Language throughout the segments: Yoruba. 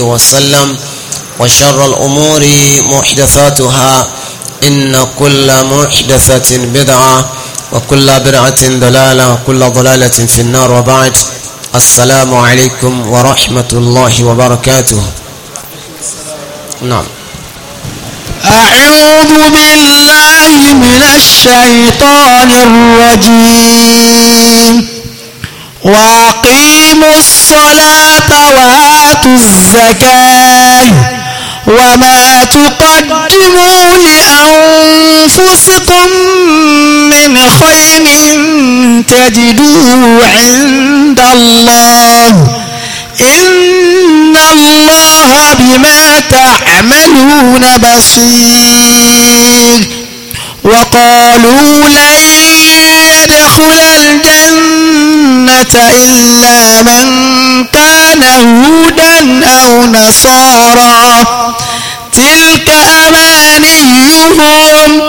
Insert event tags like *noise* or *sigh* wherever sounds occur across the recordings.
وسلم وشر الأمور محدثاتها إن كل محدثة بدعة وكل برعة ضلالة وكل ضلالة في النار وبعد السلام عليكم ورحمة الله وبركاته نعم أعوذ بالله من الشيطان الرجيم وأقيموا الصلاة وآتوا الزكاة وما تقدموا لأنفسكم من خير تجدوه عند الله إن الله بما تعملون بصير وقالوا لن يدخل الجنة إلا من كان هودا أو نصارا تلك أمانيهم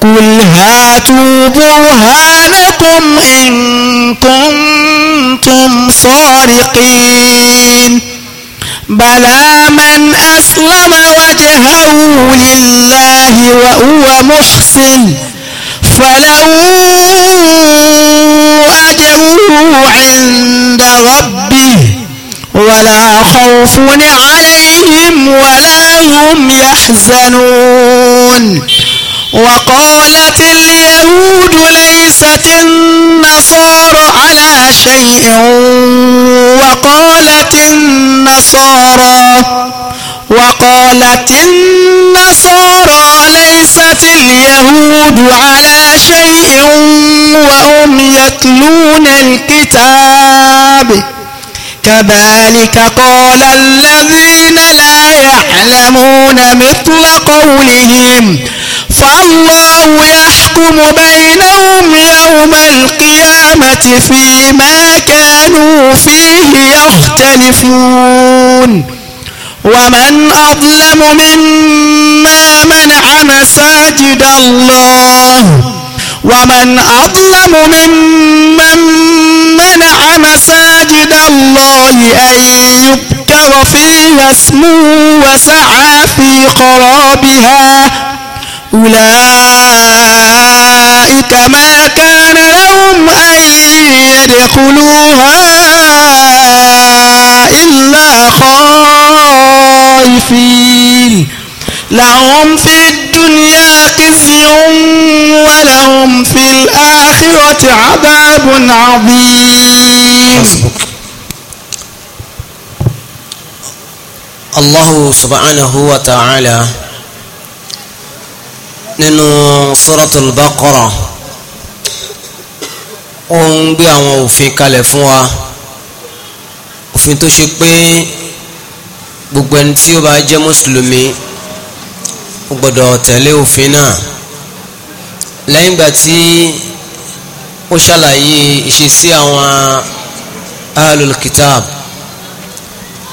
قل هاتوا برهانكم إن كنتم صادقين بلى من أسلم وجهه لله وهو محسن فله أجره عند ربه ولا خوف عليهم ولا هم يحزنون وقالت اليهود ليست النصارى على شيء وقالت النصارى وقالت النصارى ليست اليهود على شيء وهم يتلون الكتاب كذلك قال الذين لا يعلمون مثل قولهم فالله يحكم بينهم يوم القيامة فيما كانوا فيه يختلفون ومن أظلم مما منع مساجد الله ومن أظلم ممن منع مساجد الله أن يذكر فيها اسمه وسعى في خرابها أولئك ما كان لهم أن يدخلوا في الآخرة عذاب عظيم الله سبحانه وتعالى nínú suratul baqara ó ń gbé àwọn òfin kalẹ̀ fún wa òfin tó ṣe pé gbogbo ẹni tí ó bá jẹ́ mùsùlùmí ó gbọ́dọ̀ tẹ̀lé òfin náà lẹ́yìn ìgbà tí ó ṣàlàyé ìṣesí àwọn ahlul kitab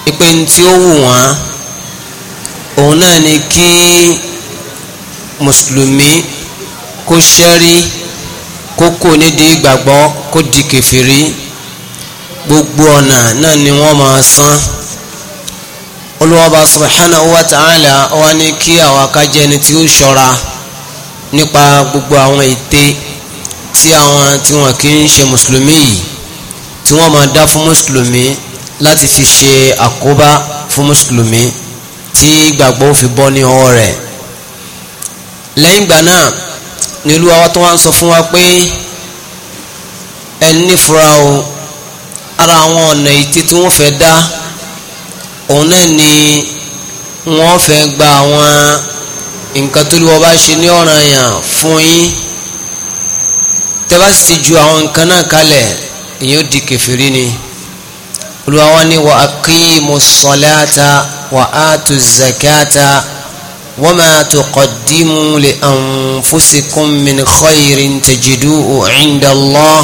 ìpè tí ó wù wọ́n òun náà ni kí mùsùlùmí kó ṣẹ́rí kó kò nídìí ìgbàgbọ́ kó di kèfèrí gbogbo ọ̀nà náà ni wọ́n máa san olùwàbà subhanahu wa ta'ala wọ́n ní kí àwa ká jẹ́ tí ó ṣọ́ra nípa gbogbo àwọn ète tí àwọn tí wọn kì í ṣe mùsùlùmí yìí tí wọ́n máa dá fún mùsùlùmí láti fi ṣe àkóbá fún mùsùlùmí tí gbàgbọ́ fi bọ́ ní ọwọ́ rẹ̀ lẹ́yìn ìgbà náà ni olúwa wa tó wá ń sọ fún wa pé ẹni nífura o ara àwọn ọ̀nà ète tí wọ́n fẹ́ dá òun náà ni wọ́n fẹ́ gba àwọn nǹkan tó lúwọ́ bá ṣe ní ọ̀ràn yàn fún yín tẹ́ bá sì ju àwọn nǹkan náà kalẹ̀ ìyẹn ó di kẹfìrí ni olúwa wọn ni wa aqimu salata wa atu zakata wa ma tuqaddimu li anfusikum min khairin tajiduhu inda Allah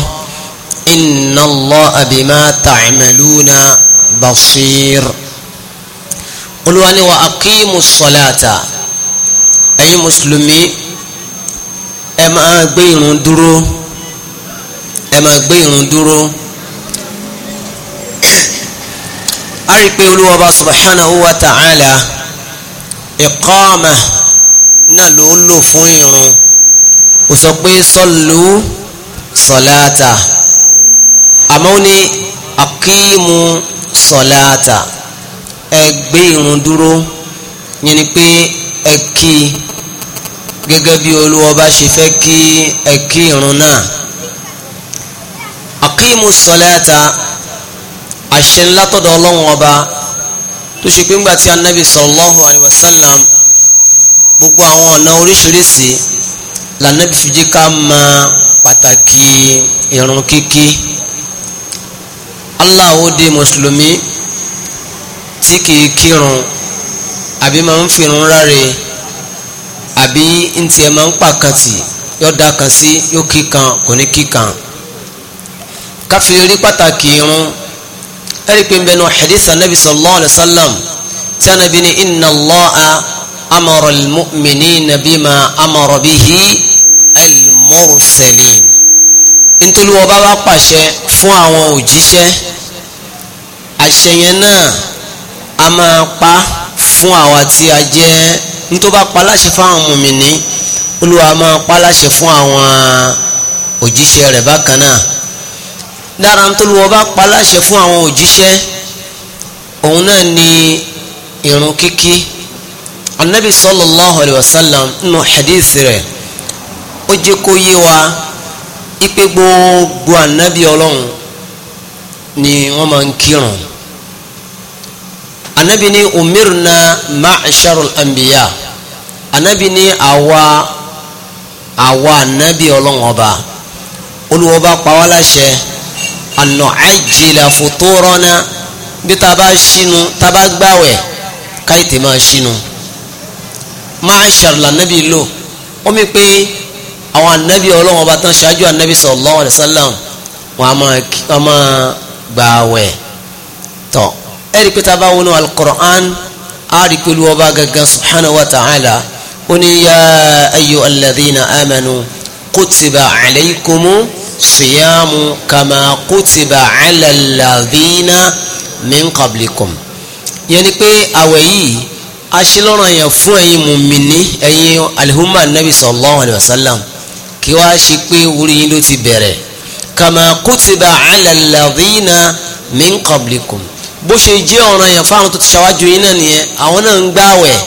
inna Allaha bima ta'maluna basir olúwa ni wa aqimu salata ẹ̀yin mùsùlùmí ẹ máa gbé irun dúró ẹ máa gbé irun dúró a rí i pé olúwa ọba subhanahu ta'ala ìkọ́ọ̀mà náà ló lò fún irun kò sọ pé àmọ́ ní akíìmù sọ̀láàtà ẹ gbé irun dúró yẹn ni pé ẹ kí i gẹ́gẹ́ bí Olúwa bá ṣe fẹ́ kí ẹ kí irun náà aqimu salata àṣẹ ńlá tọ̀dọ̀ Ọlọ́run ọba tó ṣe pé ńgbà tí anabi sallallahu alayhi wa sallam gbogbo àwọn ọ̀nà oríṣiríṣi lànàbí fi ká mọ̀ pàtàkì irun kíkí Allah ó mùsùlùmí tí kìí kírun àbí máa ń fi irun ráre àbí ntí ẹ máa ń pa kan tì yóò da kan sí yóò kí kan kò ní kí kan pàtàkì irun ẹ̀rí pé nbẹ̀nu hadith anabi sallallahu alayhi wa sallam tí anabi ni inna Allaha amara al-mu'minina bima amara bihi al-mursalin nítorí wọn bá wá pàṣẹ fún àwọn òjíṣẹ́ àṣẹ náà a máa pa fún àwa tí a jẹ́ nítorí bá paláṣẹ fáwọn mùmìnì olúwa máa paláṣẹ fún àwọn òjíṣẹ́ rẹ̀ bákan náà dára ń tólúwọ́ bá paláṣẹ fún àwọn òjíṣẹ́ òun náà ni irun kíkí anabi sallallahu alayhi wa sallam nínú hadith rẹ̀ ó jẹ́ kó yé wa ipe gbogbo anabi ọlọ́run ni wọ́n máa ń kírun anabi ni umirna ma'sharul anbiya anabi ni àwa àwa anabi ọlọ́ngọba olùwọba pàwọ́láṣẹ ànà àjìlá futurana bí ta bá ṣinu ta bá gbàwẹ̀ káyìtì máa ṣinu ma'sharul anabi lò ó mi pé àwọn anabi ọlọ́ngọba tán ṣáájú anabi sallallahu alaihi wasallam wọn a máa gbàwẹ̀ ẹ̀rí pé tábà wọnú al-Qur'an àárí pẹ̀lú ọba gangan subhanahu wa ta'ala ó ní yá ayyuha alladhina amanu kutiba alaykumu siyamu kama kutiba ala alladhina min qablikum yẹn ni pé àwẹ̀ yìí aṣílọ́ràn yẹn fún ẹ̀yin mùmíní ẹ̀yin alihuma nabi sallallahu alayhi wa sallam kí wàá ṣe pé orí yín ló ti bẹ̀rẹ̀ kama kutiba ala alladhina bó ṣe jẹ́ ọ̀ràn yẹn fáwọn tó ti ṣàwájú yín náà nìyẹn àwọn náà ń gbààwẹ̀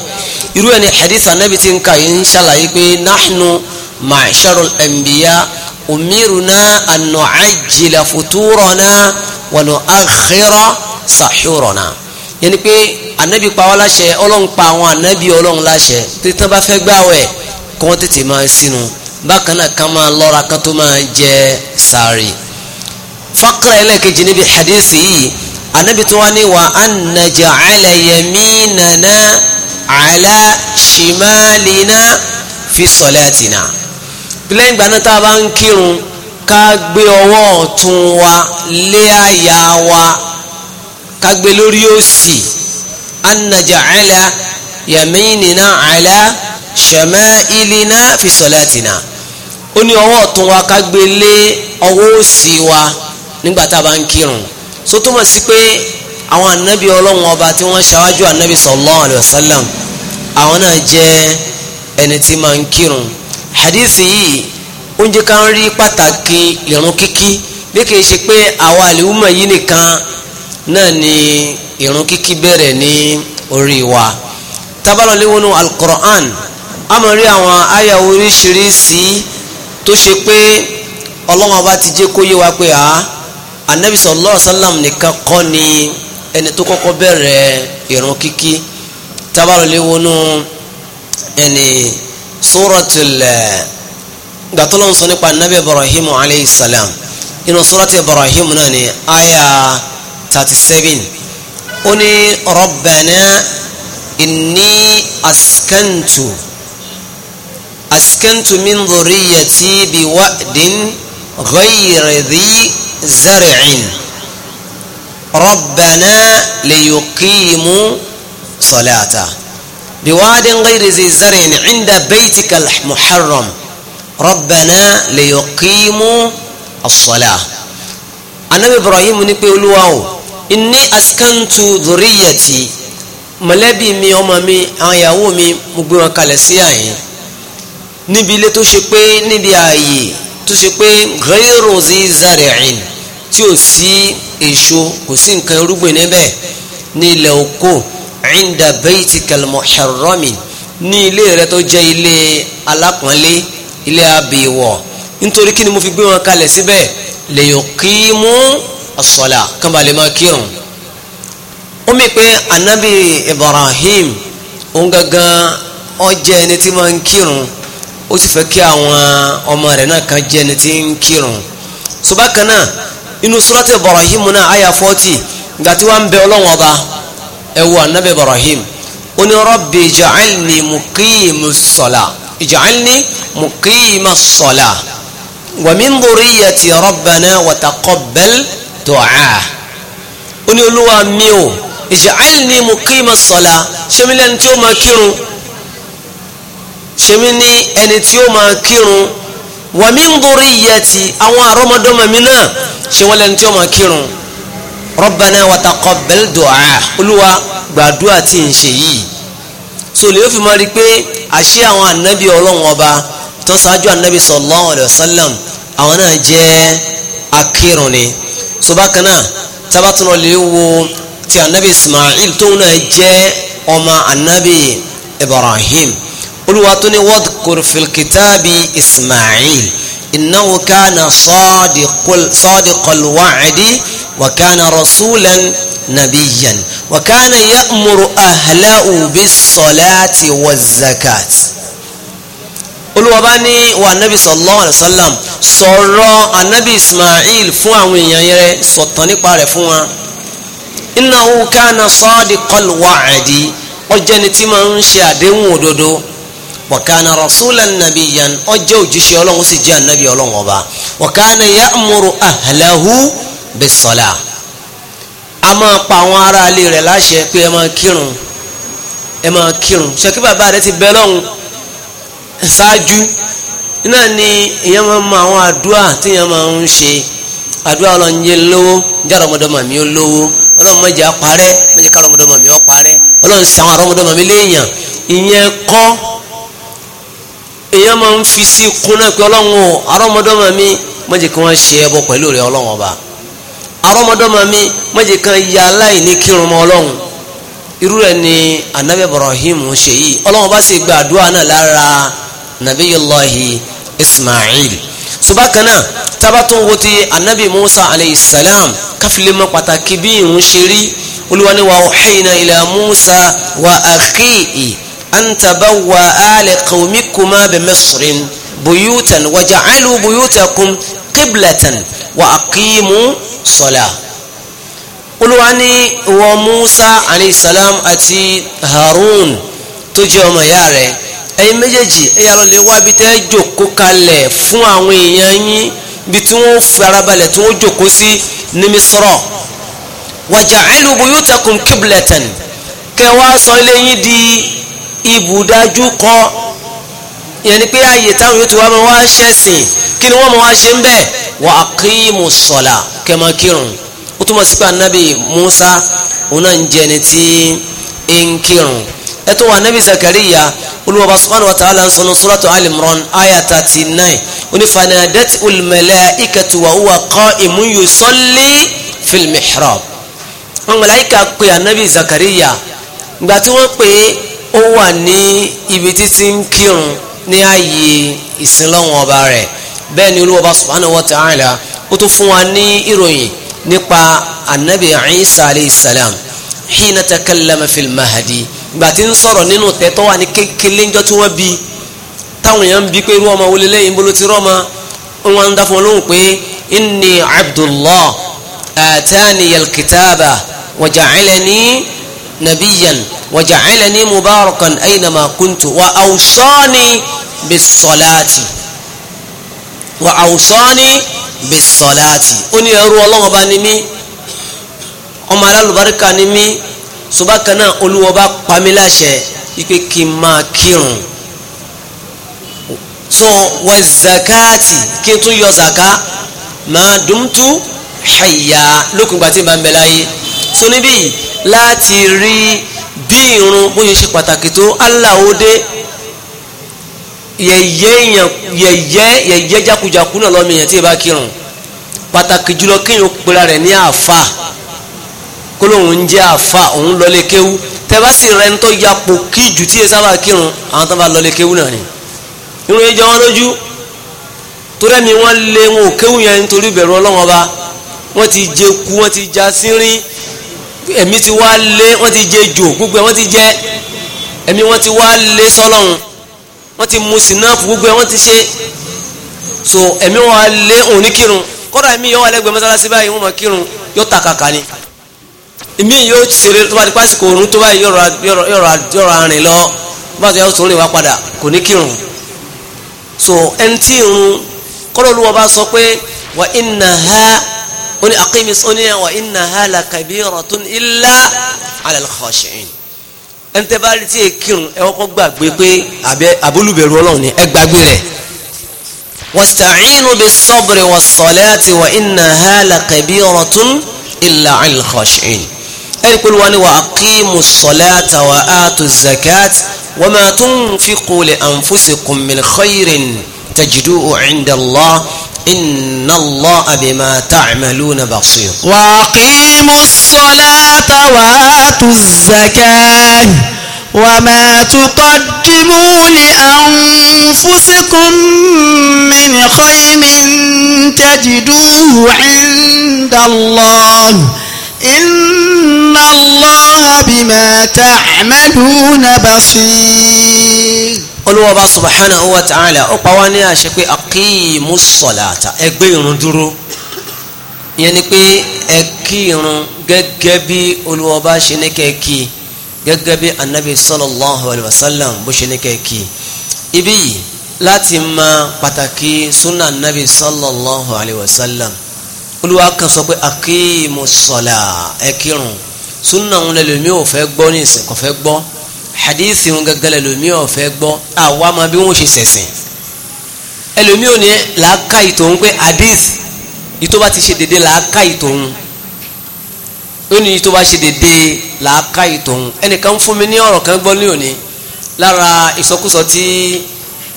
irú ẹni hadith anabi ti ń kà yín ń ṣàlàyé pé nahnu ma'sharul anbiya umiruna an nu'ajjila futurana wa nu'akhkhira sahurana yẹn ni pé anabi pa wá láṣẹ ọlọ́run pa àwọn anabi ọlọ́run láṣẹ títí bá fẹ́ gbààwẹ̀ kí wọ́n tètè máa sínú bákan náà ká máa lọ́ra ká tó máa jẹ sààrì faqra ẹlẹ́kejì níbi hadith yìí anabi tó wá ní wa anajà alayaminana ala shimalina fi sọlẹ́tìna lẹ́yìn ìgbà náà tá a bá ń kírun ká gbé ọwọ́ ọ̀tún wa lé àyà wa ká gbé lórí òsì anajà alayaminana ala shimalina fi sọlẹ́tìna ó ní ọwọ́ ọ̀tún wa ká gbé lé ọwọ́ òsì wa nígbà tá a bá ń kírun so túmọ̀ sí pé àwọn anabi ọlọ́run ọba tí wọ́n ṣáájú anabi sallallahu alayhi wa sallam àwọn náà jẹ́ ẹni tí máa ń kírun hadithi yìí ó ń jẹ́ ká ń rí pàtàkì ìrun kíkí bí kìí ṣe pé àwa àlùmọ̀ yìí nìkan náà ni ìrun kíkí bẹ̀rẹ̀ ní orí wa tabalọ̀lẹ́wọ̀nù al-Qur'an àmọ́ rí àwọn àyà oríṣiríṣi tó ṣe pé ọlọ́run ọba ti jẹ́ kó yé wa pé àá anabi sallallahu alaihi wasallam nìkan kọ́ ni ẹni tó kọ́kọ́ bẹ̀rẹ̀ ìrun kíkí tábàrò lè wọnú ẹni suratul gàtọ́lọ́hún sọ nípa anabi ibrahim alayhi salam inú surati ibrahim náà ni aya thirty seven ó ní rabbana inni askantu. أسكنت من ذريتي بوأد غير ذي زرع ربنا ليقيموا صلاته بواد غير ذي زرع عند بيتك المحرم ربنا ليقيموا الصلاة أنا إبراهيم نقول الواو إني أسكنت ذريتي mọ̀lẹ́bí mi ọmọ mi àwọn ìyàwó mi mo gbé wọn kalẹ̀ sí àyìn níbi ilé tó ṣe pé níbi ààyè tó ṣe pé ghayru zi zari'in tí ò sí èso kò sí nǹkan irúgbìn níbẹ̀ ní ilẹ̀ oko inda baytikal muharrami ní ilé rẹ tó jẹ́ ilé alápọ̀nlé ilé abèèwọ̀ nítorí kí ni mo fi gbé wọn kalẹ̀ síbẹ̀ lè yọ kí mú as-sala kán bá máa kírun ó mi pé anabi ibrahim òun gangan ó jẹ́ ẹni tí máa ń kírun ó sì fẹ́ kí àwọn ọmọ rẹ̀ náà kan jẹ́ ẹni tí ń kírun ṣùgbọ́n kan náà inú surati Ibrahim náà àyà fọ́tì gàtí wọ́n bẹ ọlọ́wọ́n ọba ẹ̀wọ̀ anabi Ibrahim ó ní rabbi ij'alni muqimus salah ij'alni muqimus salah wa min dhurriyyati rabbana wa taqabbal du'a ó ní olúwa mi ò ij'alni muqimus salah ṣé mi lẹ́ni tí ó máa kírun wa min dhurriyyati àwọn àrọ́mọdọ́mọ mi náà ṣe wọ́n lẹ́nu tí wọ́n máa kírun rabbana wa taqabbal du'a olúwa gbàdúrà tí ń ṣe yìí so lè fi máa rí i pé àṣé àwọn ànábì ọlọ́run ọba tó ṣáájú ànábì sallallahu alayhi wa sallam àwọn náà jẹ́ akírun ni so tábàtúnà lè wo ti ànábì Ismail tóun náà jẹ́ ọmọ ànábì Ibrahim olúwa tó ní wadhkur fil kitabi ismail innahu kana sadiqal wa'di wa kana rasulan nabiyyan wa kana ya'muru ahlahu bis salati waz zakat olúwa bá ní wa nabi sallallahu alayhi wa sallam sọ̀rọ̀ anabi ismail fún àwọn èèyàn rẹ̀ sọ̀tàn nípa rẹ̀ fún wa innahu kana sadiqal wa'di ó tí máa ń ṣe àdéhùn òdodo wakana rasulan nabiyan ọjọ́ òjíṣẹ́ ọlọ́run sì jẹ́ anabi ọlọ́run ọba wakana ya'muru ahlahu bisala a máa pa àwọn ará ilé rẹ̀ láṣẹ pé ẹ máa kírun ẹ máa kírun ṣèkí bàbá rẹ ti bẹ lọ́hùn ṣáájú náà ni èèyàn máa mọ àwọn àdúrà tí èèyàn máa ń ṣe àdúrà ọlọ́run yé lówó jáde ọmọdọ́mọ mi ó lówó ọlọ́run mọ̀jà parẹ́ mọ̀jà ká ọmọdọ́mọ mi ó parẹ́ ọlọ́run ṣàwọn ọmọdọ́mọ mi léèyàn èèyàn máa ń fi sí kóná pé ọlọ́run arọ́mọdọ́mọ mi má jẹ́ kí wọ́n ṣe ẹbọ pẹ̀lú rẹ̀ ọlọ́run ọba arọ́mọdọ́mọ mi má jẹ́ kí wọ́n ya aláìní kírun mọ́ ọlọ́run irú rẹ̀ ni anabi ibrahim ṣe yìí ọlọ́run ọba sì gba àdúrà náà lára nabiyullahi ismail subakana tabatun wo anabi musa alayhi salam káfílẹ̀ mọ́ pàtàkì bí ìrún ṣe rí olúwa ni wa ọ̀hìn ila musa wa akhihi أن تبوأ آل قومكما بمصر بيوتا وجعلوا بيوتكم قبلة وأقيموا صلاة Olúwa ní ìwọ Musa alayhi salam àti Harun tó jẹ́ ọmọ ìyá rẹ̀ ẹ̀yin méjèèjì ẹ̀yà lọ́lẹ̀ wá bí tẹ́ jòkó kalẹ̀ fún àwọn èèyàn yín bí tí wọ́n farabalẹ̀ tí wọ́n jòkó sí ní Misrọ̀ waja'alu buyutakum qiblatan kẹ́ wá sọ ilé yín di ibùdájú kọ yẹn ni pé ààyè táwọn yóò ti wá máa wá ṣẹ̀sìn kí ni wọ́n máa wá ṣe ń bẹ́ẹ̀ wa aqimu sọ̀là kẹmọ kírun ó túmọ̀ sí pé anabi Musa òun náà ń jẹni tí ń kírun ẹ tó wà anabi Zakariya olùwàbà subhanahu wa ta'ala ń sọ ní suratu Al-Imran aya thirty nine onífànàdẹ́tì al-mala'ikatu wa huwa qa'imun yusalli fil mihrab wọn mọ̀láyìíkà pé anabi Zakariya ìgbà wọ́n pè é ó wà ní ibi títí ń kírun ní ààyè ìsinlọ́wọ̀n ọba rẹ̀ bẹ́ẹ̀ ni olúwọba subhanahu wa ta'ala ó tún fún wa ní ìròyìn nípa anabi isa alayhi salam hina takallama fil mahadi ìgbà tí ń sọ̀rọ̀ nínú tẹ́tọ́ wà ní kékeré ńjọ́ tí wọ́n bí táwọn èèyàn ń bí pé irú ọmọ wọlé bolo ti rọ́mọ wọn ń dá fún olóhùn pé inni abdullah atani yalkitaba waja'alani nabiyan وجعلني مباركا أينما كنت وأوصاني بالصلاة وأوصاني بالصلاة أني أرو الله بانمي ọmọ alálùbáríkà ni mí ṣùgbọ́n náà olúwa bá pa mí láṣẹ wípé kí n máa kírun so wà zakati kí n tún yọ zaka máa dumtu hayya lókun gbàtí bá so níbí láti rí bí irun bó ṣe ṣe pàtàkì tó Allah ó dé yẹ̀yẹ́ yẹ̀yẹ́ yẹ̀yẹ́ jákujàku náà lọ́mọ èèyàn tí ì bá kírun pàtàkì jùlọ kéèyàn pera rẹ̀ ní àfa kó lóun ń jẹ́ àfa òun lọlé kéwú tẹ bá sì rẹ ń tọ́ yapò kí jù tí ì sábà kírun àwọn tó bá lọlé kéwú náà ni irun yẹn jẹ wọn lójú torí wọn lé wọn ò kéwú yẹn nítorí ìbẹ̀rù Ọlọ́run ọba wọn ti jẹ ku wọn ti já sírín ẹ̀mí ti wá lé wọ́n ti jẹ jò gbogbo ẹ̀ wọ́n ti jẹ ẹ̀mí wọ́n ti wá lé sọ́lọ́run wọ́n ti mu sinapu gbogbo ẹ̀ wọ́n ti ṣe so ẹ̀mí wọn wá lé òní kírun kọ́dà ẹ̀mí yọ wà lẹ́gbẹ̀ẹ́ mọ́sálásí báyìí wọ́n mọ̀ kírun yóò ta kàkà ni èmi yóò ṣeré tó bá di pásítọ̀ òrùn tó bá yọ̀rọ̀ arìn lọ bá tó yà tó rìn wá padà kò ní kírun so ẹni tí irun kọ́dọ̀ olúwa bá sọ pé wà inna ha ó ní akimi sọ́ni wa inna hala kabiratun illa ala al-khashi'in ẹni tẹ́ bá rí tí èkìrùn ẹ kọ́kọ́ gbàgbé pé abólúbẹ̀rù ọlọ́run ni ẹ gbàgbé rẹ̀ wasta'inu bis-sabri was-salati wa inna hala kabiratun illa ala al ẹni pẹ̀lú wa ni aqimu salata wa atu zakat wa ma tunfiqu li anfusikum min khairin tajiduhu inda إن الله بما تعملون بصير وأقيموا الصلاة وآتوا الزكاة وما تقدموا لأنفسكم من خير تجدوه عند الله إن الله بما تعملون بصير olúwa bá subhanahu wa ta'ala ó pa wá ní àṣẹ pé aqimu ssalata ẹ gbé irun dúró ìyẹn ni pé ẹ kí irun gẹ́gẹ́ bí olúwa bá ṣe ní kẹ́ kí gẹ́gẹ́ bí anabi sallallahu alayhi wa sallam bó ṣe ní kẹ́ kí ibi yìí láti mọ pàtàkì sunna anabi sallallahu alayhi wa sallam olúwa kan sọ pé aqimu ssalata ẹ kírun sunna òun lẹ́lẹ́mí ò fẹ́ gbọ́ ní ìsìnkò fẹ́ gbọ́ hadisi ń gẹ́gẹ́ lẹ́lòmí ọ̀fẹ́ gbọ́ àwa máa bí wọ́n ṣe sẹ̀sìn ẹlòmí ò ní làákà ìtòun pé hadith ìtò bá ti ṣe dédé làákà ìtòun ó oni, ìtò bá ṣe dédé làákà ìtòun ẹnìkan fún mi ní ọ̀rọ̀ kan gbọ́ ní òní lára ìsọkúsọ tí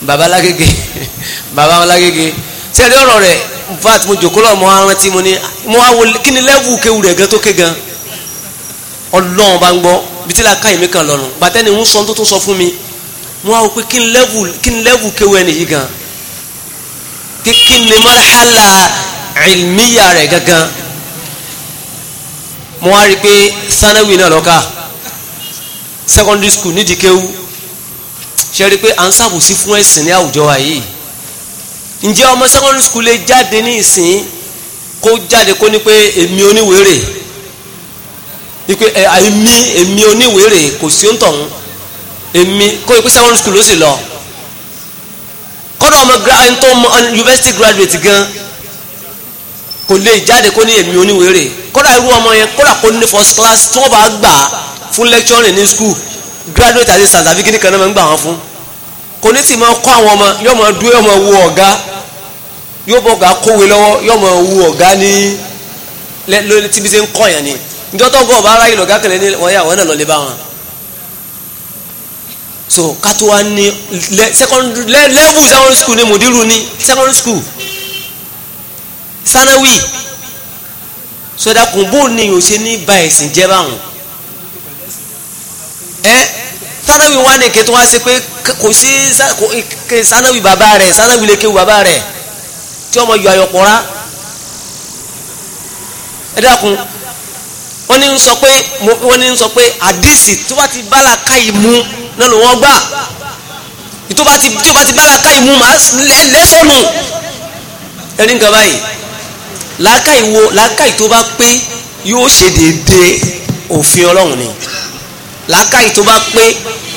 baba lágége *laughs* baba lágége tí ẹni ọ̀rọ̀ rẹ̀ vat mo jòkó lọ mo rántí mo ní mo wá kí ni lẹ́wù kéwù rẹ̀ gan ké gan ọlọ́run bá ń gbọ́ bitila ka èmi kan lọ́nu bàtẹ́ ni ń sọ tó tún sọ fún mi mo á wò pé kí n lẹ́wù kí n lẹ́wù kéwọ́ ẹni yìí gan kí kí ni marhala ilmiya rẹ̀ gangan mo á rí i pé sanawi náà lọ́ka secondary school nídìí kéwù ṣe rí i pé à ń ṣàbòsí fún ẹ̀sìn ní àwùjọ wa yìí ǹjẹ́ ọmọ secondary school lè jáde ní ìsìn kó jáde kó ní pé èmi oníwèrè ipe ẹ eh, àìmí èmi oníwèrè kò sí ń tọ̀hún èmi kó ipe secondary school ló sì lọ kọ́dọ̀ ọmọ tó mọ university graduate gan kò lè jáde kó ní èmi oníwèrè kọ́dọ̀ irú ọmọ yẹn kọ́dọ̀ kó ní first class tí wọ́n bá gbà fún lecturing ní school graduate àti certificate kan náà máa ń gbà wọn fún kò ní sì máa kọ́ àwọn ọmọ yóò máa dúró yóò máa wo ọ̀gá yóò bọ̀ ọ̀gá kówé lọ́wọ́ yóò máa wo ọ̀gá ní lórí tíbi ṣe ń kọ́ yẹn ni njọ́ tó ń gọ́ ọ̀bá ara yìí lọ̀gá kẹlẹ́ ní wọ́n yà wọ́n náà lọ́lẹ́ bá wọn. so kátó wa ní secondary level secondary school ni mòdìrú ni secondary school sanawi sọdakùn bó ni yóò ṣe ní ba ẹ̀sìn jẹ́ báwọn ẹ sanawi wa ni kẹtọ́ wa ṣe pé kò sí sanawi bàbá rẹ̀ sanawi lè kéwu bàbá rẹ̀ tí ọmọ yọ ayọ̀pọ̀ rá ẹ dákun wọ́n ní ń sọ pé wọ́n ní ń sọ pé àdìsí tó bá ti bá làákàyè mu náà ló wọ́n gbà tó bá ti tó bá ti bá làákàyè mu màá lẹ́sọ̀nù ẹni nǹkan báyìí làákàyè wo làákàyè tó bá pé yóò ṣe déédéé òfin ọlọ́run ni làákàyè tó bá pé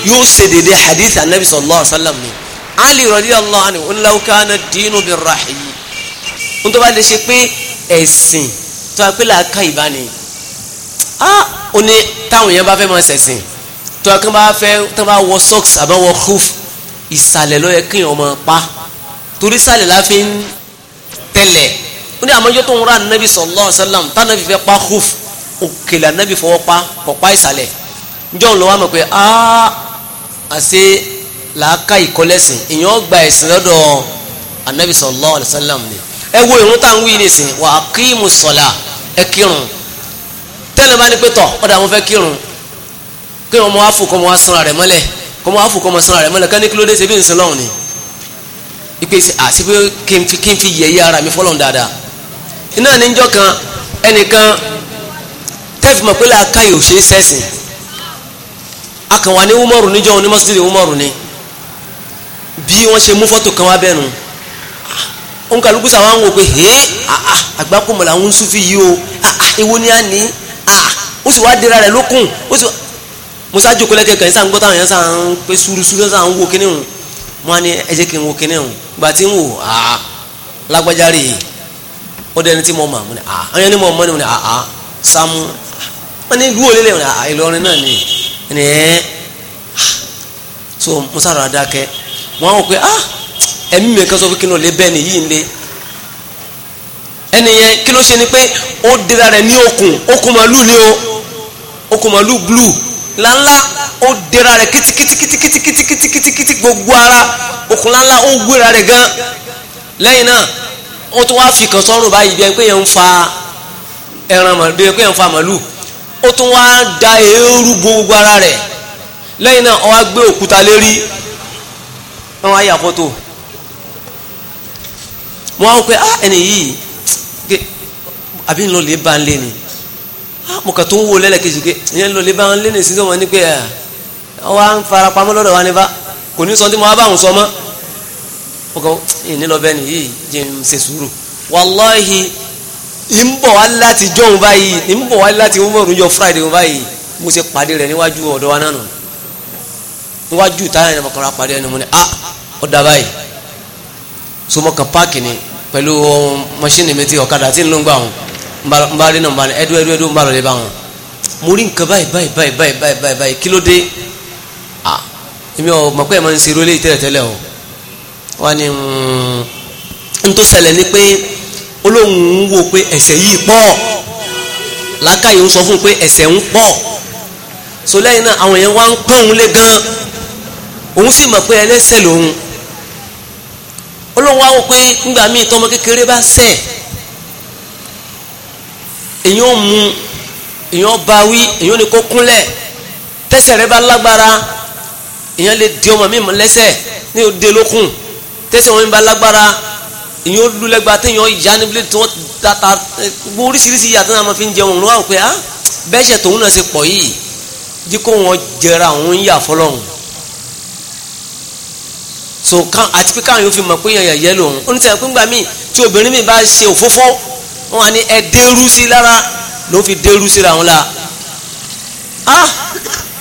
yóò ṣe déédéé hadith anabi sallallahu alaihi wa sallam ni ali radiyallahu anhu law kana dínú birrahi n tó bá lè ṣe pé ẹ̀sìn tó bá pé làákàyè bá ni ah ó ní táwọn èèyàn bá fẹ́ máa ṣẹ̀sìn tó yẹ kí wọ́n bá fẹ́ tó bá wọ socks àbẹ́ wọ hoof ìsàlẹ̀ ló yẹ kí wọ́n máa pa torí ìsàlẹ̀ la fi ń tẹ̀lẹ̀ ó ní àmọ́jọ́ tó ń ra nàbì sallallahu alaihi wasallam tánàbì fẹ́ pa hoof òkèlè ànàbì fọwọ́ pa kọ̀ pa ìsàlẹ̀ njọ́ ń lọ wá mọ̀ pé ah àṣe làákà ìkọlẹ́sìn èèyàn gba ẹ̀sìn lọ́dọ̀ ànàbì sallallahu alaihi wasallam ni ẹ wo ìrún táwọn wí ní ìsìn wà á kí mu sọ̀la ẹ kírun tẹ́lẹ̀ bá ní pé tọ̀ ọ̀dà mo fẹ́ kírun kí wọ́n mọ àfò kọ́ mọ asanra rẹ̀ mọ́lẹ̀ kọ́ mọ àfò kọ́ mọ asanra rẹ̀ mọ́lẹ̀ kẹ́ni kílódé ṣe bí n sin lọ́hùn ni ìpè sí àṣìpé kí n fi kí n fi yẹ̀yẹ́ ara mi fọ́lọ́hùn dáadáa iná níjọ́ kan ẹnìkan tẹ́fì mọ̀ pé làákàyè ò ṣe é sẹ́sìn akànwá ní umaru níjọ́ ní mọ́sídìrì umaru ni bí wọ́n ṣe mú fọ́tò kan wá bẹ́nu òǹkàlùkù sàwọn àwọn òpè hé àgbákò mọ̀lá ń sún fi yí o èwo ni ní ó sì wá dira rẹ̀ lókun ó sì mo ṣáájú kó lẹ́kẹ̀ẹ́ kẹ́yìn sáà ń gbọ́ táwọn èèyàn sáà ń pe súrúsúrú sáà ń wo kíní hùn mo á ní ẹ jẹ́ kí n wo kíní hùn gbà tí ń wò àá lágbájá rè é ó dẹni tí mo mọ̀ mo ní àá mo mọ̀ ni mo ní àá sáàmù wọ́n ní ìlú òlélẹ̀ mo ní àá Ìlọrin náà ni ẹni ẹ́ so mo sáà rà dákẹ́ wò pé ah ẹ̀mí mi kan sọ pé kí n ò lè bẹ́ẹ̀ ni yìí ń lé ẹni yẹn kí ló ṣe ni pé ó dira rẹ̀ ní okùn okùn màálù ni o okùn màálù blue ńláńlá ó dera rẹ̀ kìtìkìtìkìtìkìtìkìtìkìtì gbogbo ara okùn ńláńlá ó wéra rẹ̀ gan lẹ́yìn náà ó tún wá fi kàn sọ́rùn báyìí bí ẹni pé yẹn ń fa ẹran màálù bí ẹni pé yẹn ń fa màálù ó tún wá da eérú bo gbogbo ara rẹ̀ lẹ́yìn náà ó wá gbé òkúta lérí wọ́n wá yà fọ́tò wọ́n á wò pé ah, ẹni yìí àbí ńlọ lè bá ń lé ni mo kàn tó wò lẹ́lẹ́kejì pé ìyẹn lọ lé bá wọn lé ní ìsinmi wọn ni pé wa ń fara pamọ́ lọ́dọ̀ wa ni bá kò ní sọ ní mo wá bá wọn sọ mọ́ mo kàn ìní lọ bẹ́ẹ̀ nìyí jẹ́ ń ṣe sùúrù wàláhì ń bọ̀ wá láti jọ́hún báyìí ń bọ̀ wá láti wọ́n jọ friday wọn báyìí mo ṣe pàdé rẹ̀ níwájú ọ̀dọ̀ wa náà nù níwájú táyà ni mo kàn ra pàdé ẹni mo ní n bá rí náà n bá ní ẹdú ẹdú ẹdú n bá lọ lé báwọn mo rí nǹkan báyìí báyìí báyìí báyìí báyìí báyìí báyìí kí ló dé à èmi ò mọ̀ pé ẹ̀ máa ń ṣe eré o wọ́n ní n tó ṣẹlẹ̀ ni pé olóhùn ń wo pé ẹ̀ṣẹ̀ yìí pọ̀ làákàyè ń sọ fún un pé ẹ̀ṣẹ̀ ń pọ̀ so lẹ́yìn náà àwọn èèyàn wá ń pọ́n òun lé gan òun sì mọ̀ pé ẹlẹ́ṣẹ̀ lòun olóhùn wá wò pé nígbà míì tọmọ kékeré bá ṣẹ̀ èyí ò mú èyí ò bá wí èyí ò ní kó kúnlẹ̀ tẹ́sẹ̀ rẹ bá lágbára èyí ò lè di ọmọ mi mọ́ lẹ́sẹ̀ ní o dé lókun tẹ́sẹ̀ wọn bá lágbára èyí ò lulẹ̀gba téèyàn ìyá níbi tí wọ́n tata gbogbo oríṣiríṣi ìyàtọ̀ náà máa fi ń jẹun òun wá pé ah bẹ́ẹ̀ ṣe tòun náà ṣe pọ̀ yìí jí kó wọn jẹra òun yà fọlọ́hún so kan àti pé káwọn yóò fi mọ̀ pé yẹn yẹ lòun oníṣẹ́ pé ńgbà míì tí obìnrin mi bá ṣe òfófó wọn wà ní ẹ dérú sí lára ló fi dérú síra wọn la ah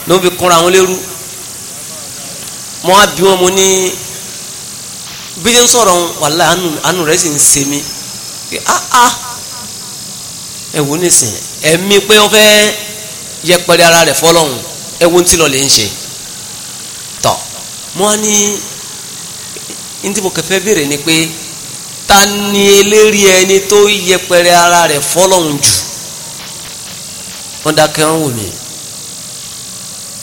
ló fi kúnra wọn lérú mo á bí wọn mo ní bí ṣe ń sọ̀rọ̀ wọn wàhálà àánú rẹ̀ sì ń ṣe mí pé ah ah ẹ wò nísìn ẹ̀mí pé wọ́n fẹ́ yẹpẹrẹ ara rẹ̀ fọlọ́hún ẹ wo ń tí lọ lè ń ṣe tọ̀ mo á ní tí mo kẹfẹ́ béèrè ni pé ta ni eléri ẹni tó yẹpẹrẹ ara rẹ̀ fọ́lọ́hun jù wọ́n dákẹ́ wọn wò mí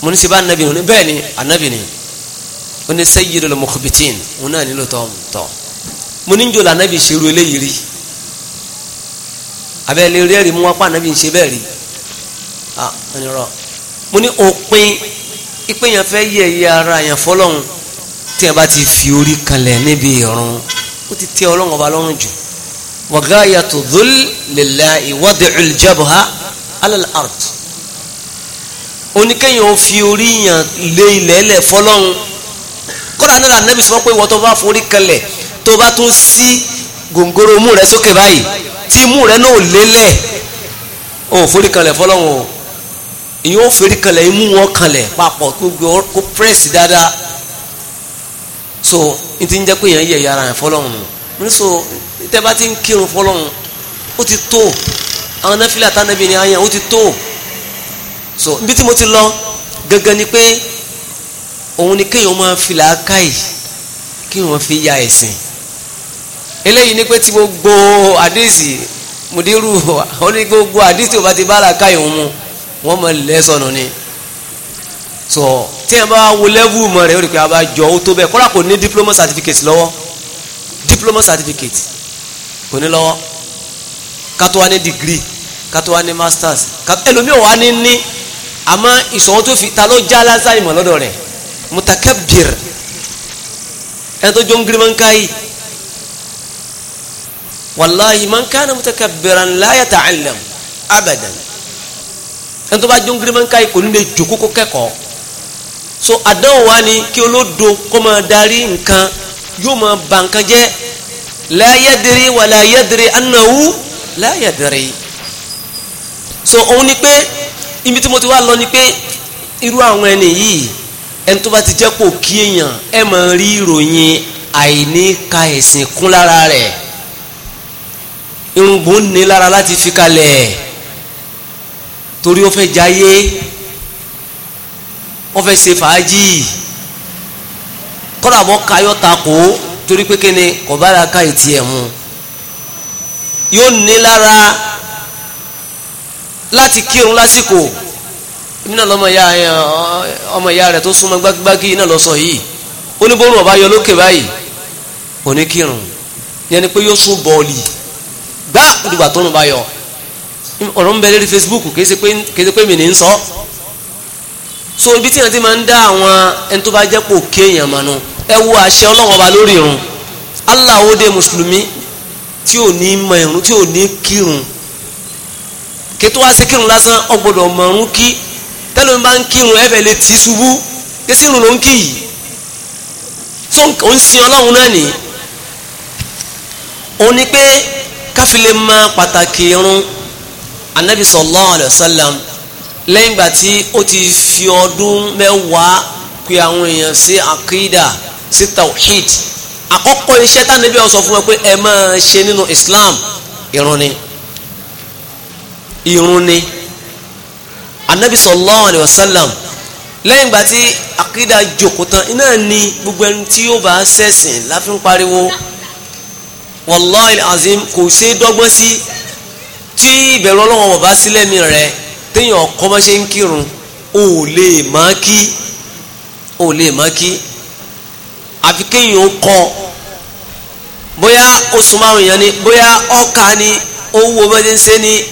mo ní sèbá anabi ní bẹ́ẹ̀ ni anabi ni ó ní sayyidul mukhbitin òun náà nílò tọ́ tọ́ mo ní jòlá anabi ṣerú eléyìí rí abẹ́ lè mú wọn pa anabi ṣe bẹ́ẹ̀ rí ah ẹni rọ mo ní òpin ìpéyàn fẹ́ yẹ̀yẹ́ ara yẹn fọ́lọ́hun tí yẹn bá ti fi orí kalẹ̀ níbi ìrún ó ti tẹ́ ọlọ́run ọba lọ́rùn jù wa ghayatu dhul lillahi wad'ul jabha ala al-ard oníkẹ́yìn ò fi orí yàn lé ilẹ̀ ẹlẹ̀ fọlọ́run kódà nílà nẹ́bí sọ pé ìwọ tó bá forí kalẹ̀ tó bá tún sí gòngòrò mú rẹ sókè báyìí tí mú rẹ náà lélẹ̀ ò forí kalẹ̀ fọlọ́run ìyẹn ò forí kalẹ̀ imú wọn kalẹ̀ papọ̀ kó pírẹ́sì dáadáa so n ti ń jẹ́ pé èèyàn yẹ̀yẹ́ ara yẹn fọlọ́run nù ní so tẹ́ bá ti ń kírun fọlọ́run ó ti tó àwọn náfìlà tánàbí ni àyàn ó ti tó so ibi tí mo ti lọ gangan ni pé òun ni kéèyàn máa fi làákàyè kéèyàn máa fi ya ẹ̀sìn eléyìí ni pé tí gbogbo àdéhìsì mùdírù ó ní gbogbo àdéhìsì ò bá ti bá làákàyè òun mu wọ́n máa lẹ́ ni so tí ẹ bá wo lẹ́wù mọ̀ rẹ̀ ó rí pé a bá jọ ó tó bẹ́ẹ̀ kọ́ra kò ní diploma certificate lọ́wọ́ diploma certificate kò ní lọ́wọ́ kátó wá ní degree kátó wá ní masters ẹlòmíràn wá ní ní àmọ́ ìṣòwò tó fi ta ló já lásán ìmọ̀ lọ́dọ̀ rẹ̀ mutakabir ẹni tó jó ń gírí máa ń ká yìí wàláhi man kana mutakabbiran la yata'allam abadan ẹni tó bá jó ń gírí máa ń ká yìí kò ní lè jókòó kẹ́kọ̀ọ́ so àdánwò wa ni kí olódo kó máa darí nǹkan yóò máa ba nǹkan jẹ́ la yadri wa la yadri so òun ni pé ibi tí mo ti wá lọ ni pé irú àwọn ẹni yìí ẹni tó bá ti jẹ́ pò kí èèyàn ẹ máa rí ìròyìn àìní ka ẹ̀sìn kún lára rẹ̀ irungbọ̀n ní lára láti fi kalẹ̀ torí ó fẹ́ jayé wọ́n fẹ́ ṣe fàájì kọ́dà bọ́ kayọ́ ta kó torí pé kíni kò bá ra ká ìtì ẹ̀ mu yóò ní lára láti kírun lásìkò nínú ọmọ ìyá ọmọ ìyá rẹ̀ tó súnmọ́ gbágbági iná lọ sọ yìí oníbòrò ọba yọ lókè báyìí oníkírun yẹn ni pé yóò sún bọ́ọ̀lì gbá ìdùgbà tó ń bá yọ ọ̀rọ̀ ń bẹ lórí Facebook kì í ṣe pé mi ní ń sọ so ibi tí yẹn ti máa ń dá àwọn ẹni tó bá jẹ́ pò kéèyàn mọ̀nà ẹ wo àṣẹ ọlọ́wọ́n ọba lórí irun Allah ó dé mùsùlùmí tí ò ní mọ irun tí ò ní kírun kẹtọ́ wá sí kírun lásán ó gbọ́dọ̀ mọ̀rún kí tẹ́lẹ̀ bá ń kírun ẹ̀fẹ̀ lè ti ṣubú kẹsí irun ló ń kí yìí tó ń sin ọlọ́run náà nìyí ó ní pé káfílẹ̀ máa pàtàkì irun anabi sallallahu alaihi wasallam lẹ́yìn ìgbà tí ó ti fi ọdún mẹ́wàá pe àwọn èèyàn sí akida sí tawhid àkọ́kọ́ iṣẹ́ tánibí ọ̀sọ̀ fún ẹ pé ẹ máa ṣe nínú Islam irun ni irun ni anabi sallallahu alayhi wa sallam lẹ́yìn ìgbà tí akida jókòó tán iná ni gbogbo ẹni tí yóò bá ṣẹ̀sìn láfi ń pariwo wallahi azim kò ṣe é dọ́gbọ́n sí tí ìbẹ̀rù ọlọ́wọ́n wọ̀ bá sílẹ̀ mi rẹ̀ téèyàn ọkọ bá ṣe ń kírun ò lè má kí ò lè má kí àfi kéèyàn ó kọ bóyá oṣù márùn yẹn ni bóyá ọkà ni owó bẹ́ẹ̀ ń ṣe ni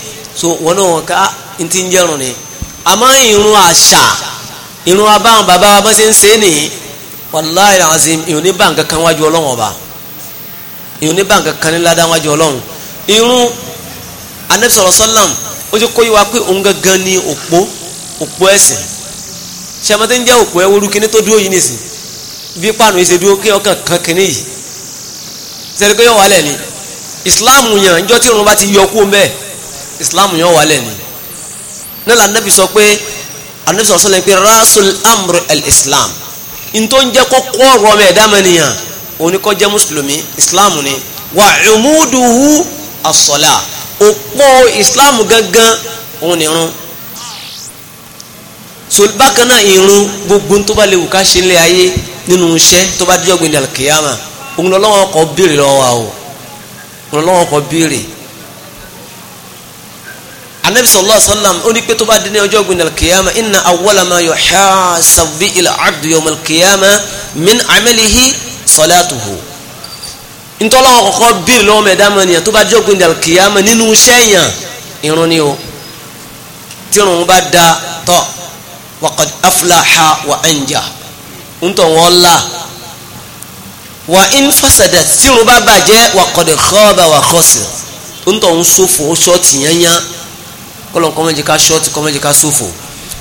so wọn náà wọn ká n ti ń jẹrun ni àmọ́ ìrun àṣà ìrun abáhùn bàbá wa bẹ́ẹ̀ ṣe ń ṣe ni wàláhì azim ìrun ní báǹkà kan wájú ọlọ́run ọba ìrun ní báǹkà kan ní ládàá wájú ọlọ́run ìrun anabi sọ̀rọ̀ sọ́làmù ó ti kó yí wa pé òun gangan ni òpó òpó ẹ̀sìn sẹ́mọ́tẹ́ ń jẹ́ òpó ẹ̀ wọ́rú kíní tó dúró yìí nìsín bí pàánù yìí ṣe dúró kí ọkàn kan kíní yìí sẹ́ni pé yọ̀ wálẹ̀ ni islam yàn níjọ́ tí òun bá ti yọ kú mbẹ́ islam yàn wálẹ̀ ni náà la sọ pé anabi sọ sọlẹ̀ pé rasul amr al-islam ntọ́ ń jẹ́ kọ́kọ́ ọ̀rọ̀ ọmọ ẹ̀dá mẹ́niyàn òun ni kọ́ jẹ́ mùsùlùmí islam ni wà umuduhu as-salah òpó islam gangan òun nìrun so bákan náà ìrun gbogbo tó bá lè wù ká ṣe lé ayé nínú iṣẹ́ tó bá díjọ́ gbẹ̀dẹ̀ kìyàmà òun lọ́wọ́ kọ́ béèrè lọ́wọ́ wa o òun lọ́wọ́ kọ́ béèrè anabi sallallahu alaihi wa sallam ó ní pé tó bá dín ní ọjọ́ gbẹ̀dẹ̀ kìyàmà inna awwala ma yuhasabu bihi al-abdu yawm al-qiyamah min amalihi salatuhu ntọ́lọ́wọ́ kọ́kọ́ bíi lọ́wọ́ mẹ́dámọ́ nìyẹn tó bá jọ́ gbìndà kìyàmọ́ nínú iṣẹ́ yẹn irun ni o tírun bá da tọ́ waqad aflaha wa anja ntọ́ wọn la wa in fasada tírun bá bàjẹ́ waqad khaba wa khasir ntọ́ ń sófò ṣọ́ọ̀tì yányá kọ́lọ̀ kọ́mọ́jì ká ṣọ́ọ̀tì kọ́mọ́jì ká sófò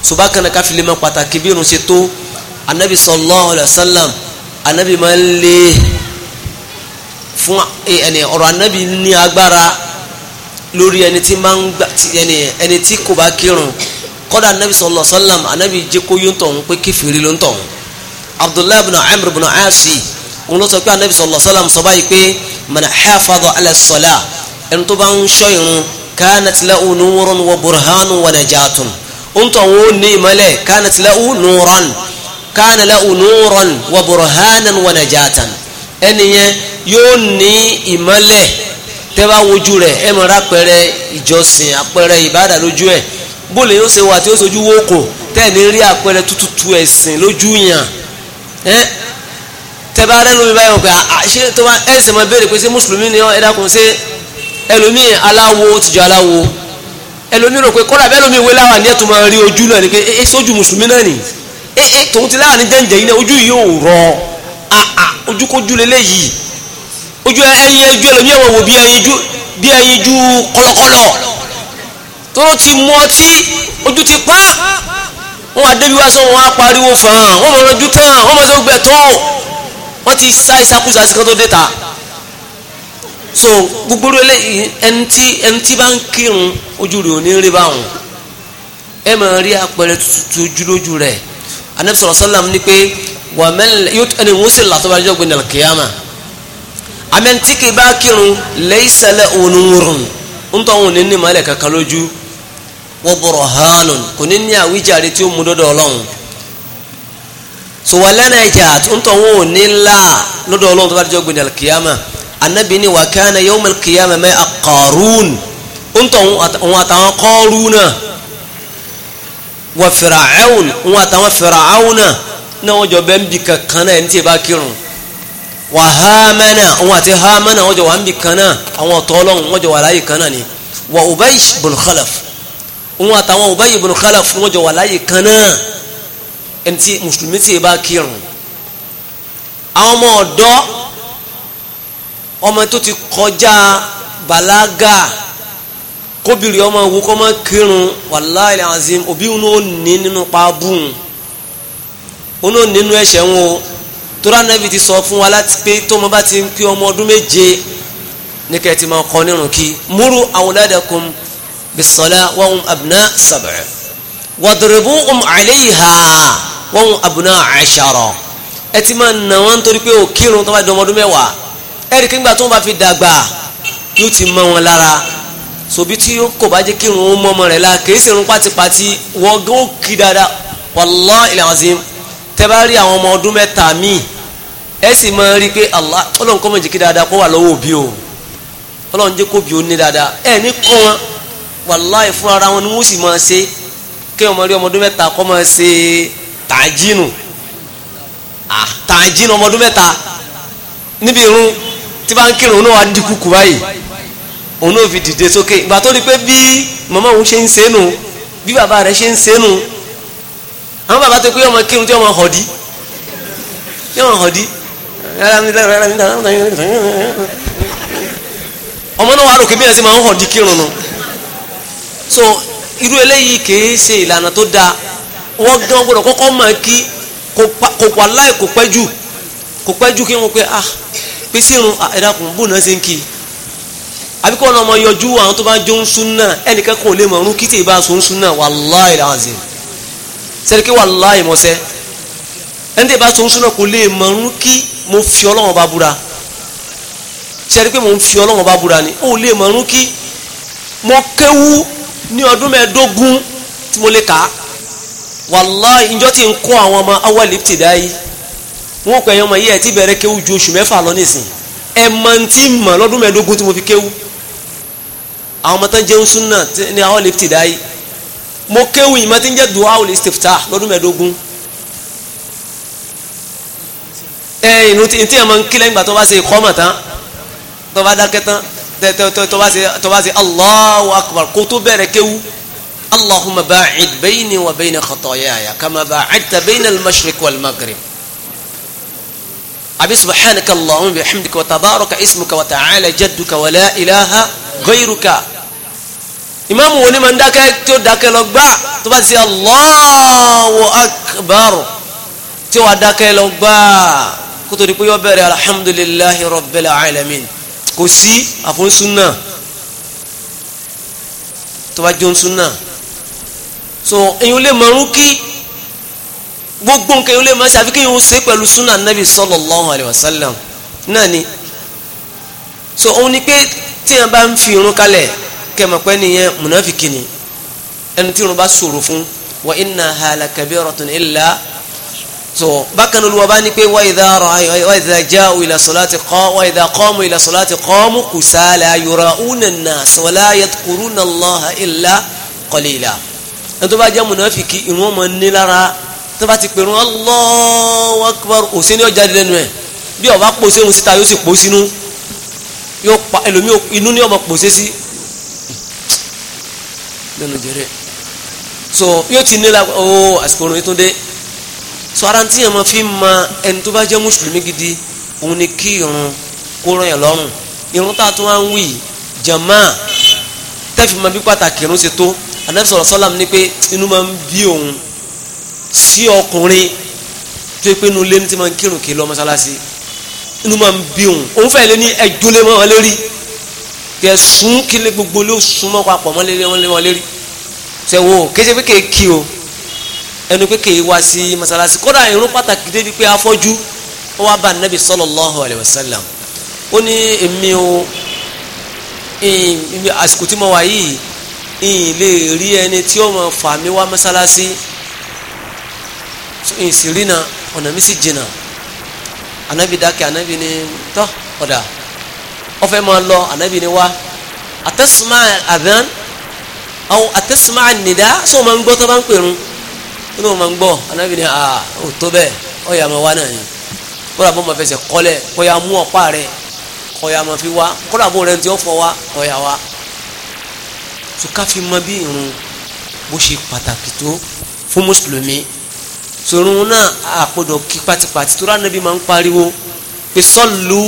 soba kana ká fi lè mọ pàtàkì bí irun ṣe tó anabi sallallahu alayhi sallam anabi máa fún eh, ẹni ọ̀rọ̀ anábì ní agbára lórí ẹni tí máa ń gbà ẹni ẹni tí kò bá kírun kọ́dà anábì sallallahu alaihi wasallam anábì jẹ́ kó yóò tọ̀hún pé kèfèrí ló ń tọ̀hún abdullahi bin amr bin asi òun ló sọ pé anábì sallallahu alaihi sọ báyìí pé man hafaza ala salah ẹni tó bá ń ṣọ́ ìrun kanat lahu nurun wa burhanun wa najatun ń tọ̀hún ó ní ìmọ́lẹ̀ kanat lahu nurun kana lahu nurun wa burhanan wa ẹni yẹn yóò ní ìmọ́lẹ̀ tẹ́ bá wojú rẹ̀ ẹ mọ̀ rápẹrẹ ìjọsìn àpẹrẹ ìbádà lójú ẹ̀ bóòlù yóò ṣe wà tí ó sojú wókò tẹ́ ní rí àpẹrẹ tútùtù ẹ̀sìn lójú yàn ẹ́ tẹ́ bá rẹ́ lómi báyìí wọn pé àṣẹ tó bá ẹ̀ sì mọ béèrè pé ṣé mùsùlùmí ni ẹ dákun ṣe ẹlòmíì aláwo tìjọ aláwo ẹlòmíì rò pé kọ́lá bẹ́ẹ̀ lómi ìwé láwà ní ẹ̀tọ́ máa rí ojú náà ni pé ẹ sójú mùsùlùmí náà ni ẹ ẹ tòun ti láwà ní jẹ́ǹjẹ́ yìí náà ojú yìí ò rọ ojú lélẹ́yìí ojú ẹyin ẹjú ẹlòmíì ẹ̀wọ̀n wò bí ẹyin ju bí ẹyin ju kọlọkọlọ tóró ti mú ọtí ojú ti pa wọn wá débi wá sọ wọn á pariwo fàn wọn mọ lójú tán wọn mọ sọ gbẹ wọn ti sá ìsakúsa sí kan tó dé so gbogbo rẹ ẹni tí ẹni tí bá ń kírun ojú rẹ ò ní rí báwọn ẹ máa rí apẹrẹ tuntun ojú rẹ anabi sọlọ sọlá ni pé wàmẹ́lẹ̀ yóò ẹni wọ́n sì làtọ́ bá jọ́ gbẹ̀ndàlẹ̀ kìyàmà amẹ́ntí kì í bá kírun lẹ́yìísẹ́lẹ̀ onúurùn ńtọ́ òun ní ní ìmọ̀lẹ̀ kankan lójú wọ́n bọ̀rọ̀ hánùn kò ní ní àwíjàre tí ó mú dọ́dọ̀ ọlọ́run sòwòlẹ́nà ẹ̀jà ńtọ́ òun ò ní ńlá lọ́dọ̀ ọlọ́run tó bá dé gbẹ̀dẹ̀ kìyàmà anabi ni wà kánà yawm al-qiyamah mẹ́ àkọ́rùn ńtọ́ òun àtàwọn kọ́rùnà wà fìràáwùn òun àtàwọn fìràáwùnà náà wọ́n jọ bẹ́ẹ̀ ń bì kankan náà ẹni tí ì bá kírun wà hámẹ́nà òun àti hámẹ́nà wọ́n jọ wà ń bì kan náà àwọn ọ̀tọ́ ọlọ́run wọ́n jọ wà láyè kan náà ni wà Ubay ibn Khalaf òun àtàwọn Ubay ibn Khalaf wọ́n jọ wà láyè kan náà ẹni tí mùsùlùmí ti bá kírun àwọn ọmọ ọ̀dọ́ ọmọ tó ti kọjá bàlágà kóbìnrin ọmọ òwú kọ́ máa kírun wallahi alazim òbí òun ò ní nínú pa bùn òun ò nínú ẹ̀ṣẹ̀ wọn o tora nàbì ti sọ fún wa láti pé tọmọ bá ti ń pé ọmọ ọdún méje ní kẹtì máa kọ nírun kí múrú awladakum bis-salah wa hum abna' sab'a wadribuhum 'alayha wa hum abna' 'ashara ẹ ti máa nà wọ́n nítorí pé ò kírun tó bá di ọmọ ọdún mẹ́wàá ẹ̀rí kíngbà tó ń bá fi dàgbà yóò ti mọ wọn lára sobi tí kò bá jẹ́ kírun ó mọ́ ọmọ rẹ̀ la kèé sì rún pátípátí wọ́n gán kí dáadáa wallahi al-azim tẹ́ bá rí àwọn ọmọ ọdún mẹ́ta míì ẹ sì máa rí i pé Allah ọlọ́run kọ́ mọ̀ jẹ́ kí dáadáa kó wà lọ́wọ́ òbí o ọlọ́run jẹ́ kó bí o ní dáadáa ẹ ní kọ́ wọn wàláì fún ara wọn ni wọ́n sì máa ṣe kí ọmọ rí ọmọ ọdún mẹ́ta kọ́ máa ṣe tàjínù ah, tàjínù ọmọ ọdún mẹ́ta níbi irun tí bá ń kírun náà wà ní kúkú báyìí òun náà fi dìde sókè ìgbà tó rí pé bí màmá òun ṣe ń ṣe nù bí bàbá rẹ̀ ṣe ń ṣe nù àwọn bàbá tó kú yọmọ kírun tí yọmọ họ̀dí yọmọ họ̀dí ọmọ náà wà lókè bí ẹsẹ máa ń họ̀dí kírun nu so irú eléyìí kìí ṣe ìlànà tó dáa wọ́n gán gbọ́dọ̀ kọ́kọ́ máa kí kò pa láì kò pẹ́ jù kò pẹ́ jù kí wọ́n pe ah pé sírun ah, ẹ̀dàkùn bò náà ṣe ń kí àbí kọ́ ọ̀nà ọmọ yọjú àwọn tó bá jó ń sún náà ẹnìkan kò lè mọ̀ ọ̀run kí tí ì bá sún sún náà wàláì láàzìn sẹ́ni kí wàláhì mo sẹ́ ẹni tí ì bá tó ń súná kò lè mọ̀rún kí mo fi ọlọ́wọ́n bá búra sẹ́ni mo ń fi ọlọ́wọ́n bá búra ni ó lè mọ̀rún kí mo kéwú ní ọdún mẹ́ẹ̀ẹ́dógún tí mo lè kà á wàláhì ìjọ tí ń kọ́ àwọn ọmọ awọ́lì tì dá yìí wọ́n pẹ̀ yẹn ọmọ yìí ẹ̀ ti bẹ̀rẹ̀ kéwú ju oṣù mẹ́fà lọ nísìn ẹ̀ mọ̀ tí mọ̀ lọ́dún mẹ́ẹ̀ẹ́dógún tí mo fi kéwú àwọn ọmọ tán jẹun súnà ní awọ́lì tì dá yìí mo kéwù ìmọ̀ tí ń jẹ́ dua ul istiftah lọ́dún mẹ́ẹ̀ẹ́dógún ẹ inú tí ẹ máa ń kílẹ̀ ńgbà tó bá ṣe kọ́ mọ̀ tán tó bá dákẹ́ tán tó bá ṣe tó bá ṣe Allahu akbar kó tó bẹ̀rẹ̀ kéwù Allahumma ba'id bayni wa bayna khataayaya kama ba'adta bayna al-mashriq wal-maghrib àbí subhanaka Allahumma bihamdika wa tabaraka ismuka wa ta'ala jadduka wa la ilaha ghayruka ìmáàmù wo ni máa ń dákẹ́ tí ó dákẹ́ lọ gbá tó bá ti Allahu akbar tí ó wà dákẹ́ lọ gbá kó tó di pé yọ bẹ̀rẹ̀ alhamdulillahi rabbil alamin kò sí àfọ̀nsúnà tó bá jọ so èyí ò lè mọ̀rún kí gbogbo nǹkan yóò lè máa ṣe àfi kí yóò ṣe pẹ̀lú sunna nabi sallallahu alayhi wa sallam náà ni so òun ni pé tí wọn bá ń fi irun kalẹ̀ kẹmọ pé nìyẹn munafiki ni ẹni tí irun bá ṣòro fún wa inna ha la kabiratun illa so bákan olúwa bá ní pé wa idha ra'ayu wa idha ja'u ila salati qamu wa idha qamu ila salati qamu kusala yura'una an-nas wa la yadhkuruna allaha illa ẹni tó bá jẹ́ munafiki irun ọmọ nílára tó bá ti pèrún Allahu akbar òsín ní ọjà dídẹ́nu ẹ̀ bí ọba pòsé òun síta yóò sì pò yóò pa ẹlòmíì inú ní ọmọ pòsé sí lẹ́nu jẹrẹ so yóò ti nílá o àsìkò òrùn tó dé so ara tí yẹn máa fi ma ẹni tó bá jẹ́ mùsùlùmí gidi òun ni kí irun kó ràn yẹn lọ́rùn irun tá a tún wá ń wì jàmá tẹ́fì máa bí pàtàkì irun ṣe tó anabi sọ̀rọ̀ sọ́làm ni pé inú máa ń bí òun sí ọkùnrin tó yẹ pé inú lé ní ti máa ń kírun kí lọ mọ́sálásí inú máa ń bí òun òun fẹ́ lé ní ẹjọ́ lé mọ́ wọn lérí kẹ sún kílé gbogbo ló sún mọ́ papọ̀ mọ́ lé wọn lérí ṣe wo kéṣe pé kéè kí o ẹnu pé kéè wá sí masalasi kódà irun pàtàkì débi pé afọ́jú ó wá bá nabi sallallahu alayhi wa sallam ó ní èmi o àsìkò tí mo wà yìí ìyìn lè rí ẹni tí ó mọ fà mí wá masalasi ìsìrìnà ọ̀nà mi sì jìnnà anabi dákẹ́ anabi ní tọ́ ọ̀dà ọfẹ́ máa lọ ànábì ni wá àtẹ́sùmá àdán àwọn àtẹ́sùmá nìdá sọ ma ń gbọ́ tó bá ń pèrún ó ní wọn ma ń gbọ́ ànábì ni àà ah, ó tó bẹ́ẹ̀ ó yà máa wá náà ni kódà bó ma fẹsẹ̀ kọ́lẹ̀ kó yà mú ọ̀pá rẹ̀ kó yà máa fi wá kódà bó rẹ̀ ń tí wá kó yà wá. tó fi mọ bí irun bó ṣe pàtàkì tó fún mùsùlùmí sòrun náà àpòdò kí pátípátí tó rà nàbí máa ń pariwo pé sọ́ọ̀lù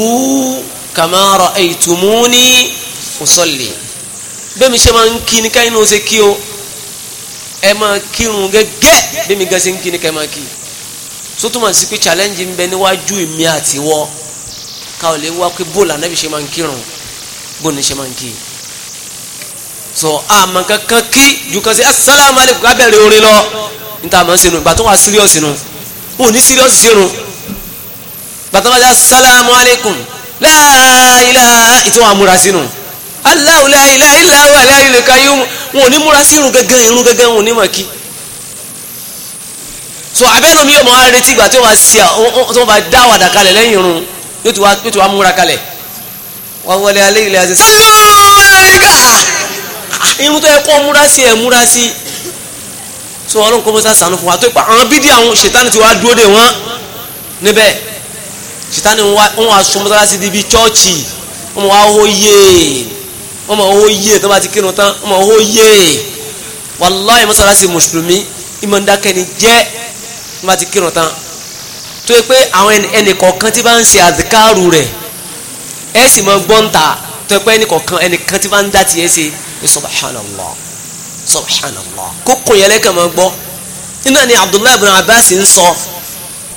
kama ra'aytumuni usalli bẹ́mi ṣe máa ń kí ni káyìn náà ṣe kí o ẹ máa kírun gẹ́gẹ́ bẹ́mi gan ṣe ń kí ni káyìn máa kí so túmọ̀ sí pé challenge ń bẹ níwájú èmi àti ká ò lè wá pé bóòlù ànábì ṣe máa ń kírun bóòlù ṣe máa ń kí so àmọ́ kankan kí ju kan ṣe asalaamu abẹ́rẹ́ orin lọ níta àmọ́ sínú ìgbà tó wà serious nù ò ní serious sínú bàtà bàjẹ́ asalaamu láìlá ìtún àmúra sínú Allahu láìlá ìlà wà láìlè káyé wọn ò ní múra sí irun gẹ́gẹ́ irun gẹ́gẹ́ wọn ò ní mọ̀ kí so abẹ́nu mi yóò mọ̀ á retí ìgbà tí wọ́n si tí wọ́n bá dá wàdà kalẹ̀ lẹ́yìn irun yóò ti wá múra kalẹ̀ wọ́n wọlé alẹ́ ilẹ̀ àti sẹ́lẹ̀ irun tó yẹ kó múra sí ẹ̀ múra sí so ọlọ́run kó mọ́ sànú fún wa tó ipa àwọn bídí àwọn ṣètánì ti wá dúró dè wọ́n níbẹ̀ sitani ń wá sọ mọ́sálásí di ibi chọ́ọ̀chì wọ́n mọ̀ wá hóyè wọ́n mọ̀ hóyè tó bá ti kírun tán wọ́n mọ̀ hóyè wàláyé mọ́sálásí mùsùlùmí ìmọ̀ ń dákẹ́ ni jẹ́ tó bá ti kírun tán tó yẹ pé àwọn ẹnìkọ̀ọ̀kan tí bá ń ṣe àdìkárù rẹ̀ ẹ̀ sì mọ̀ gbọ́ǹta tó yẹ pé ẹnìkọ̀ọ̀kan ẹnìkan tí bá ń dá tiẹ̀ ṣe subhanallah subhanallah kókò yẹn lẹ́kàn máa gbọ́ nínú àni Abdullahi ibn Abbas ń sọ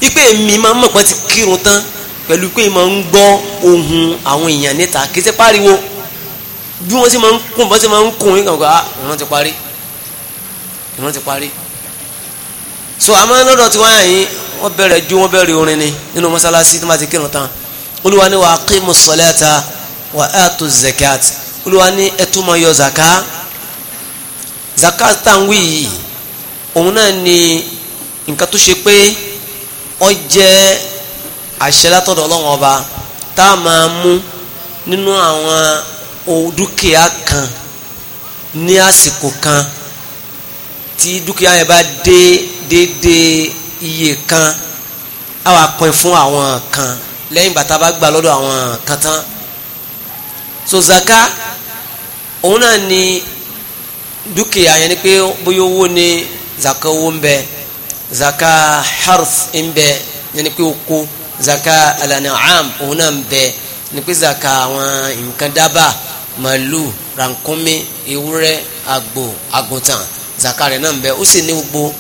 ipe mi máa ń mọ̀ pé ti kírun tán pẹ̀lú pé máa ń gbọ́ ohun àwọn èèyàn níta kì í ṣe pariwo bí wọ́n ṣe máa ń kún bọ́n ṣe máa ń kún ní kankan ah ìran ti parí ìran ti parí so àmọ́ lọ́dọ̀ tí wọ́n yà yín wọ́n bẹ̀rẹ̀ ju wọ́n bẹ̀rẹ̀ orin ni nínú mọ́sálásí tó máa ti kírun tán olúwa ní wa aqimu salata wa atu zakat olúwa ní ẹtú máa yọ zaka zakat tá à ń wí yìí òun náà ni nǹkan tó ṣe pé ó jẹ́ àṣẹ látọ̀dọ̀ ọlọ́run ọba tá a máa mú nínú àwọn dúkìá kan ní àsìkò kan tí dúkìá yẹn bá dé déédéé iye kan á wà pín fún àwọn kan lẹ́yìn bàtà bá gbà lọ́dọ̀ àwọn kan tán so zaka òun náà ni dúkìá yẹn ni pé bóyá owó ni zaka owó ń bẹ zaka harf ń bẹ yẹn ni pé oko zaka al-an'am òun náà ń zaka àwọn nǹkan dábà malu rànkúnmí ewúrẹ́ agbo àgùntàn zaka rẹ̀ náà ń bẹ ó sì gbogbo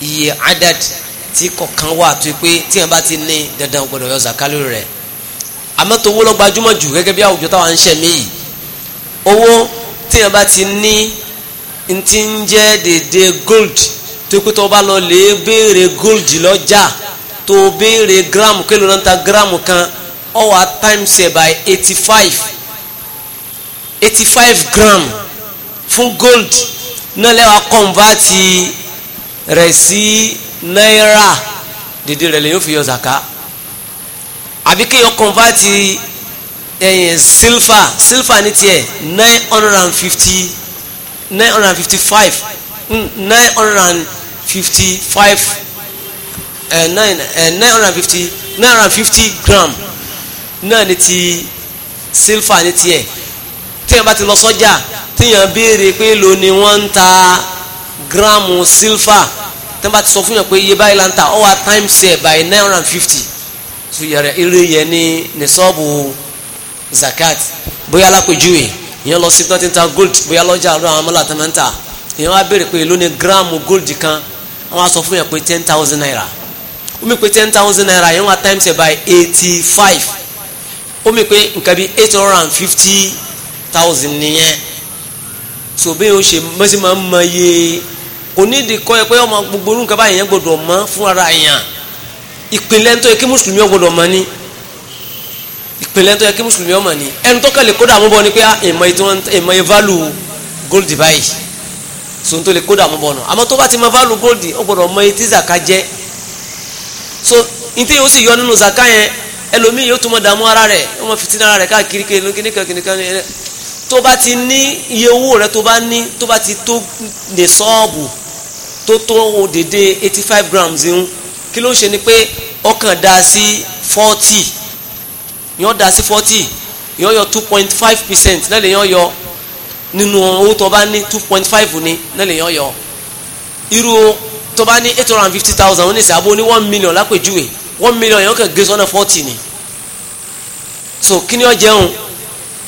iye adad tí kọ̀ọ̀kan wà tó pé tí wọn bá ti ní dandan gbọdọ̀ yọ zaka lórí rẹ̀ àmọ́ tó wọ́n lọ gbajúmọ̀ jù gẹ́gẹ́ bí àwùjọ táwọn ń ṣe mí yìí owó ti ní n ti ń jẹ́ dédé gold tó pé tó bá lọ lè béèrè gold lọ́jà. Ja tó o béèrè gíráàmù kí ló ń ta gíráàmù kan ọ wà times ẹ̀ by eighty five eighty five gram fún gold náà lẹ́wà kọ́ǹvàtì rẹ̀ sí náírà dèdè rẹ̀ lẹ́yìn ó fi yọ zaka àbí kí yọ kọ́ǹvàtì ẹ̀yìn eh, sílfà sílfà ní tiẹ̀ nine hundred and fifty nine hundred and fifty five hmm, nine hundred and fifty five nine nine hundred and fifty nine hundred and fifty gram náà ni ti sílfà ní tiẹ̀ tíyẹn bá ti lọ sọ́jà tíyẹn béèrè pé èlò ni wọ́n ń ta gíráàmù sílfà tíyẹn bá ti sọ fún yàn pé iye báyìí la ń ta ọwọ́ times ẹ̀ by nine hundred and fifty so yẹrẹ eré yẹn ní ní sọ́ọ̀bù zakat bóyá alápèjúwe ìyẹn lọ sí tọ́tí ta gold bóyá lọ́jà ọ̀dọ́ àwọn ọmọlá tó máa ń ta ìyẹn wá béèrè pé èlò ni gíráàmù gold kan wọ́n á sọ fún yàn pé ten thousand naira ó mi pé ten thousand naira yẹn wa times it by eighty five ó mi pé nǹkan bíi eight hundred and fifty thousand nìyẹn so bí o ṣe mọ́sí máa ń mọ iye kò ní ìdí kọ́ ẹ pé ọmọ gbogbo orú nǹkan báyìí yẹn gbọdọ̀ mọ́ fún ara yẹn ìpínlẹ̀ tó yẹ kí mùsùlùmí ó gbọdọ̀ mọ́ ni ìpínlẹ̀ tó yẹ kí mùsùlùmí ó mọ̀ ni ẹnu tó kàn lè kó dààmú ni pé ìmọ̀ ìmọ̀ ìválù gold báyìí so n tó lè kó dààmú bọ̀ nù àmọ́ tó bá ti mọ ìválù gold ó gbọdọ̀ mọ etí zaka so n tí yóò sì yọ nínú zaka yẹn ẹlòmíì yóò tún mọ dààmú ara rẹ̀ yóò mọ fìtínà ara rẹ̀ káàkiri kiri lókè nìkan kìnìkan yẹn tó bá ti ní iye owó rẹ̀ tó bá ní tó bá ti tó lè sọ́ọ̀bù tó tó o dédé eighty five grams ń kí ló ṣe ni pé ọkàn dá sí forty yọ dá sí forty yọ yọ two point five percent náà lè yọ yọ nínú owó tó bá ní two point five ní náà lè yọ yọ irú tó bá ní eight hundred and fifty thousand ó ní sẹ́ abó ní one million lápèjúwe one million yẹn ó kàn gé sọ́nà forty ni so kí ni ó jẹun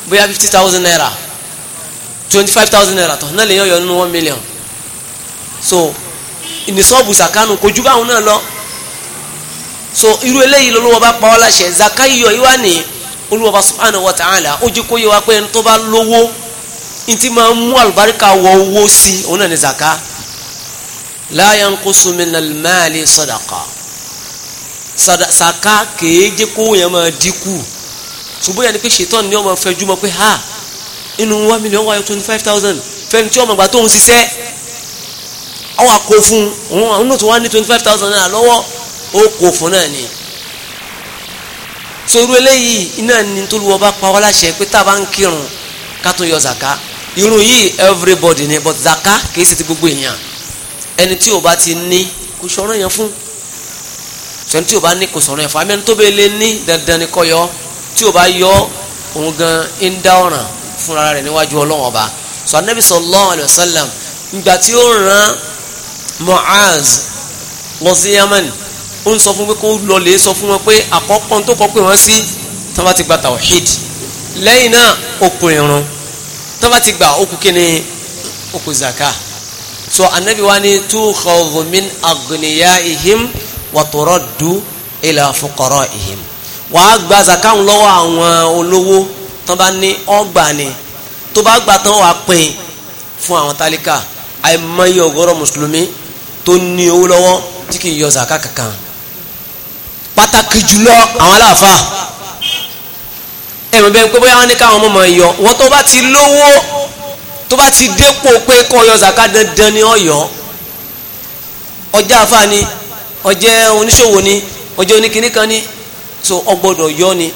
bóyá fifty thousand naira twenty five thousand naira tó náà lè yọ nínú one million so ìnísọ́ọ̀bù sàkánù kojú báwọn náà lọ so irú eléyìí lọ́wọ́ bá pa ọ́ láṣẹ zakayiyọ ìwà ni Olúwa bá subhanahu wa ta'ala ó jẹ́ kó yẹ wá pé ẹni tó bá lówó ntí máa ń mú àlùbáríkà wọ owó sí òun náà ní zaka la yanqusu minal mali sadaqa sàká kéèjé kó yẹn máa dínkù ṣùgbọ́n yẹn ni pé ṣètọ́ni ni wọ́n máa fẹjú mọ́ pé ha inú one million wáyé twenty five thousand fẹ́ni tí ọmọ ìgbà tó ń ṣiṣẹ́ ọwọ́ àkó fún un òun náà tó wá ní twenty five thousand naira lọ́wọ́ ó kó fún náà ni sòrò eléyìí iná ni tó lu pa wá pé tá a bá ń kírun ká tó yọ zaka irun yìí everybody ni but zaka kì í ṣe ti gbogbo èèyàn ẹni tí o bá ti ní kò sọ̀rọ̀ yẹn fún sẹ́ni tí o bá ní kò sọ̀rọ̀ yẹn fún àmì ẹni tó bẹ́ẹ̀ lé ní dandan ni kó yọ tí o bá yọ òun gan ń dá ọ̀ràn fúnra rẹ̀ níwájú ọlọ́wọ́n ọba sọ anabi sallallahu alayhi wa sallam ìgbà tí ó rán Mu'az lọ sí Yaman ó ń sọ fún pé kó lọ lè sọ fún wọn pé àkọ́kọ́ tó kọ́ pé wọ́n sí tí bá ti gba tawhid lẹ́yìn náà okùn ìrun tí bá ti gba okùn kíni okùn zaka so anabi wa ni tukhadhu min aghniyaihim wa turaddu ila fuqaraihim wà á gba zakan lọ́wọ́ àwọn olówó tán bá ní ọgbà ni tó bá gbà tán wà á pín fún àwọn tálíkà àìmọye ọ̀gọ̀rọ̀ mùsùlùmí tó ní owó lọ́wọ́ tí kì í yọ kankan pàtàkì jùlọ àwọn aláàfáà ẹ̀rù bẹ́ẹ̀ pé bóyá wọn ní káwọn ọmọ mọ̀ ẹ̀yọ wọn tó bá ti lówó tó bá ti dépò pé kọ́ ọyọ zaka dandan ni ọyọ ọjà afa ni ọjẹ oníṣòwò ni ọjẹ oníkìní kan ni so ọgbọdọ yọ ni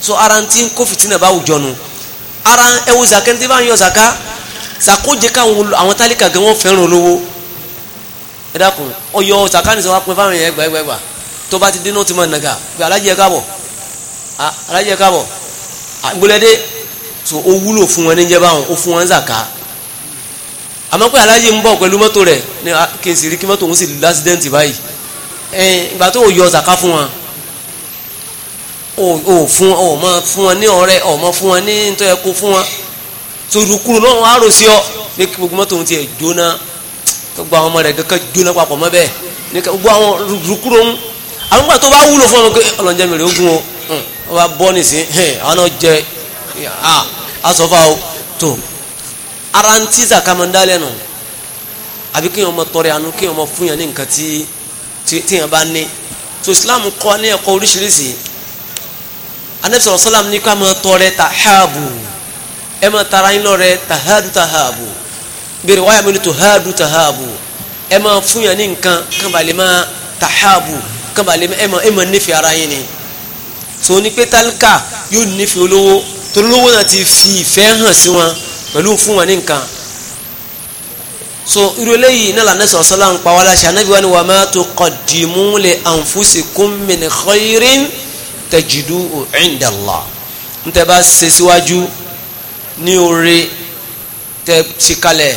so ara ń tí ń kó fìtínà bá wùjọ nu ara ẹwù zaka ẹni tí bá ń yọ zaka sàkójẹ káwọn àwọn tálíkà gan wọn fẹ́ràn olówó ẹ dákun ọyọ zaka ní sọ wá pé fáwọn èèyàn gbẹgbẹgbà tó bá ti dín náà ti máa nàgà pé alájẹ káàbọ̀ ah, alájẹ káàbọ̀ àgbélẹdẹ. Ah, so ó wúlò fún wọn níjẹ́ báwọn ó fún wọn zaka àmọ́ pé aláyé ń bọ̀ pẹ̀lú mọ́tò rẹ̀ ní kí n sì rí kí mọ́tò òun sì lásìdẹ́ǹtì báyìí ẹ̀ẹ́n ìgbà tó yọ zaka fún wọn ò fún ọ mọ fún wọn ní ọrẹ ọmọ fún wọn ní nítorí ẹkọ fún wọn torukuru lọ́wọ́ arò sí ọ ní kí gbogbo mọ́tò òun tiẹ̀ jóná gbogbo àwọn ọmọ rẹ̀ kankan jóná papọ̀ mọ́ bẹ́ẹ̀ ní gbogbo àwọn rukuru ń àwọn gbà tó bá wúlò fún ọmọ ọlọ́njẹ́ mi rè é gún o hm, wọ́n bá bọ́ nìsín hm, àwọn náà jẹ asọ́fà o tó ara ń tíza kàmọ́ndálẹ̀ nù àbí kí wọn mọ tọrẹ àánú kí wọn mọ fún yàn ní nǹkan tí tí bá ní tó islam kọ́ ní ẹ̀kọ́ oríṣiríṣi anabi sọ̀rọ̀ sọ́làm ní ká tọrẹ tahabu ẹ mọ tara yín lọ rẹ tahadu tahabu bẹ̀rẹ̀ wáyà mi ni tahadu tahabu ẹ mọ fún yàn ní nǹkan kàn bá lè má tahabu kàn bá nífẹ̀ẹ́ ara yín ni tó ní pé yóò nífẹ̀ẹ́ olówó torí olówó náà ti fi ìfẹ́ hàn sí wọn pẹ̀lú fún wọn ní nǹkan so irú eléyìí náà lànà sọ̀rọ̀ sọ́lá ń pa wá láṣẹ anábìwá ni wa ma tuqaddimu li anfusikum min khairin tajiduhu inda Allah ń tẹ́ bá ṣe síwájú ní oore tẹ́ ṣe kalẹ̀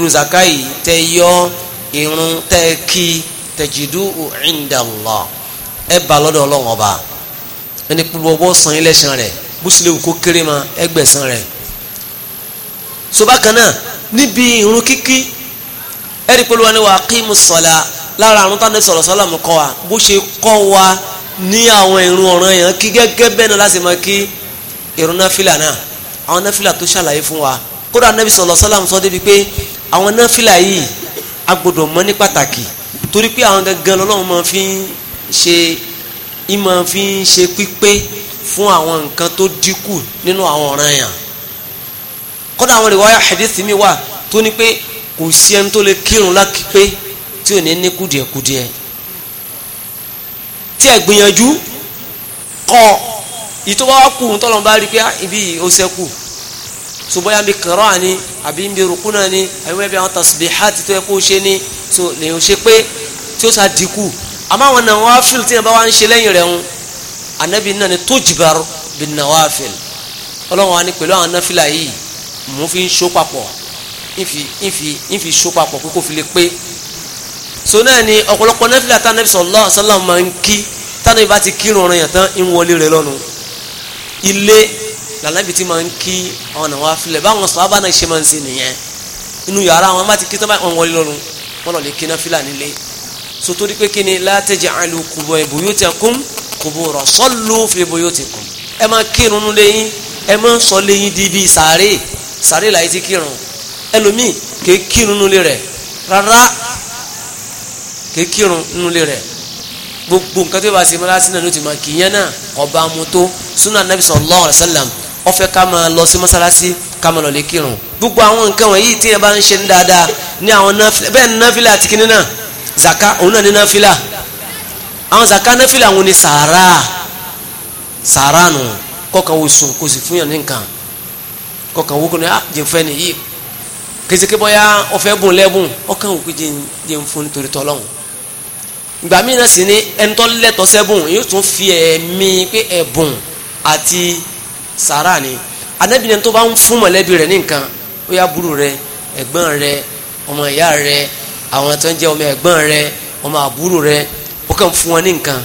rúzàká yìí tẹ́ yọ irun tẹ́ kí tajiduhu inda ẹ bá lọ́dọ̀ ọlọ́wọ́n ọba ẹni pé sàn ilé ṣan bùsùlẹ̀wù kó kéré ma ẹgbẹ̀sán rẹ̀ so bákan níbi irun kíkí ẹ̀rí pẹ̀lú wa ni wà á kí mu sọ̀la lára àrùn tánà sọ̀rọ̀ sọ́lá mu kọ́ wa bó ṣe kọ́ wa ní àwọn irun ọ̀ràn yẹn kí gẹ́gẹ́ bẹ́ẹ̀ náà láti máa kí irun náfìlà náà àwọn náfìlà tó ṣàlàyé fún wa kódà nàbì sọ̀rọ̀ sọ́lá mu sọ débi pé àwọn náfìlà yìí a gbọ́dọ̀ mọ̀ ní pàtàkì torí pé àwọn gangan lọ́lọ́run máa fi fi ń ṣe pípé fún àwọn nǹkan tó dínkù nínú àwọn ọ̀ràn yàn kódà àwọn rìwáyà hadisi mi wà tó ní pé kò sí ẹni tó lè kírun lákìpé tí ò ní ní kùdìẹ̀kùdìẹ̀ tí ẹ gbìyànjú kọ ìtọ́wá kù tọ́lọ́n bá rí pé ah, ibi ó ṣẹ́kù so bóyá mi kàn rán ni àbí mi rúkú náà ni àbí wọ́n bí àwọn tasbihati tó yẹ kó ṣe ni so lèyìn ó ṣe pé tí ó ṣàdínkù àmọ́ àwọn náà wọ́n á fìlù tí yẹn bá wá ń ṣe lẹ́yìn rẹ̀ ń anabi náà ni tójìbàrú bin nawafil ọlọ́run wa ni pẹ̀lú àwọn náfìlà yìí mò ń fi ń ṣó papọ̀ ìfi ìfi ìfi ṣó papọ̀ kókó fi lè pé so náà ni ọ̀pọ̀lọpọ̀ náfìlà tánàbí sallallahu alaihi wasallam máa ń kí tánàbí bá ti kírun ọ̀ràn yàn tán ń wọlé rẹ lọ́nu ilé lànàbí ti máa ń kí àwọn nàwáfilẹ̀ báwọn sọ̀rọ̀ bá náà ṣe máa ń ṣe nìyẹn inú yàrá wọn bá ti kí tán báyìí wọlé lọ́nu wọn lọ lè kí náfìlà nílé so torí pé kí ni la taj'alu qubur buyutakum kubura sallu fi buyutikum ẹ máa kírun nulẹ̀ yín ẹ máa sọ lẹ́yìn di bíi sàárè sàárè làyè ti kírun ẹlòmíì kèé kírun nulẹ̀ rẹ̀ rárá kèé kírun nulẹ̀ rẹ̀ gbogbo nǹkan tó bá ṣe mọ́lásí náà ló ti máa kì í yẹn náà ọba amútó sunnah nabi sallallahu alayhi wa sallam ó fẹ́ ká máa lọ sí mọ́sálásí ká máa lọ lè kírun gbogbo àwọn nǹkan wọ̀nyí tí yẹn bá ń ṣe dáadáa ní àwọn náfìlà bẹ́ẹ̀ ní náfìlà àti kìnínà zaka òun náà ní náfìlà àwọn zaka náfìlà àwọn ni sàárà sàárà nù kọkàn wo sùn kò sì fún yàn ní nǹkan kọkàn wo kò ní ah jẹ fẹ́ nìyí kìsìkì bọ́yá ọ̀fẹ́ bùn lẹ́bùn ọkàn wò kí jẹ jẹ ń fún nítorí tọ́lọ́hún ìgbà míì náà sì ni ẹnitọ́ lẹ́tọ̀ sẹ́bùn yóò tún fi ẹ̀mí pé ẹ̀bùn àti sàárà ni anábìnrin tó bá ń fún mọ̀lẹ́bí rẹ̀ ní ó yá burú rẹ̀ ẹ̀gbọ́n rẹ̀ ọmọ ìyá rẹ̀ àwọn tó ń jẹ́ ọmọ ẹ̀gbọ́n rẹ̀ ọmọ àbúrò rẹ̀ kàn fún wọn ní nǹkan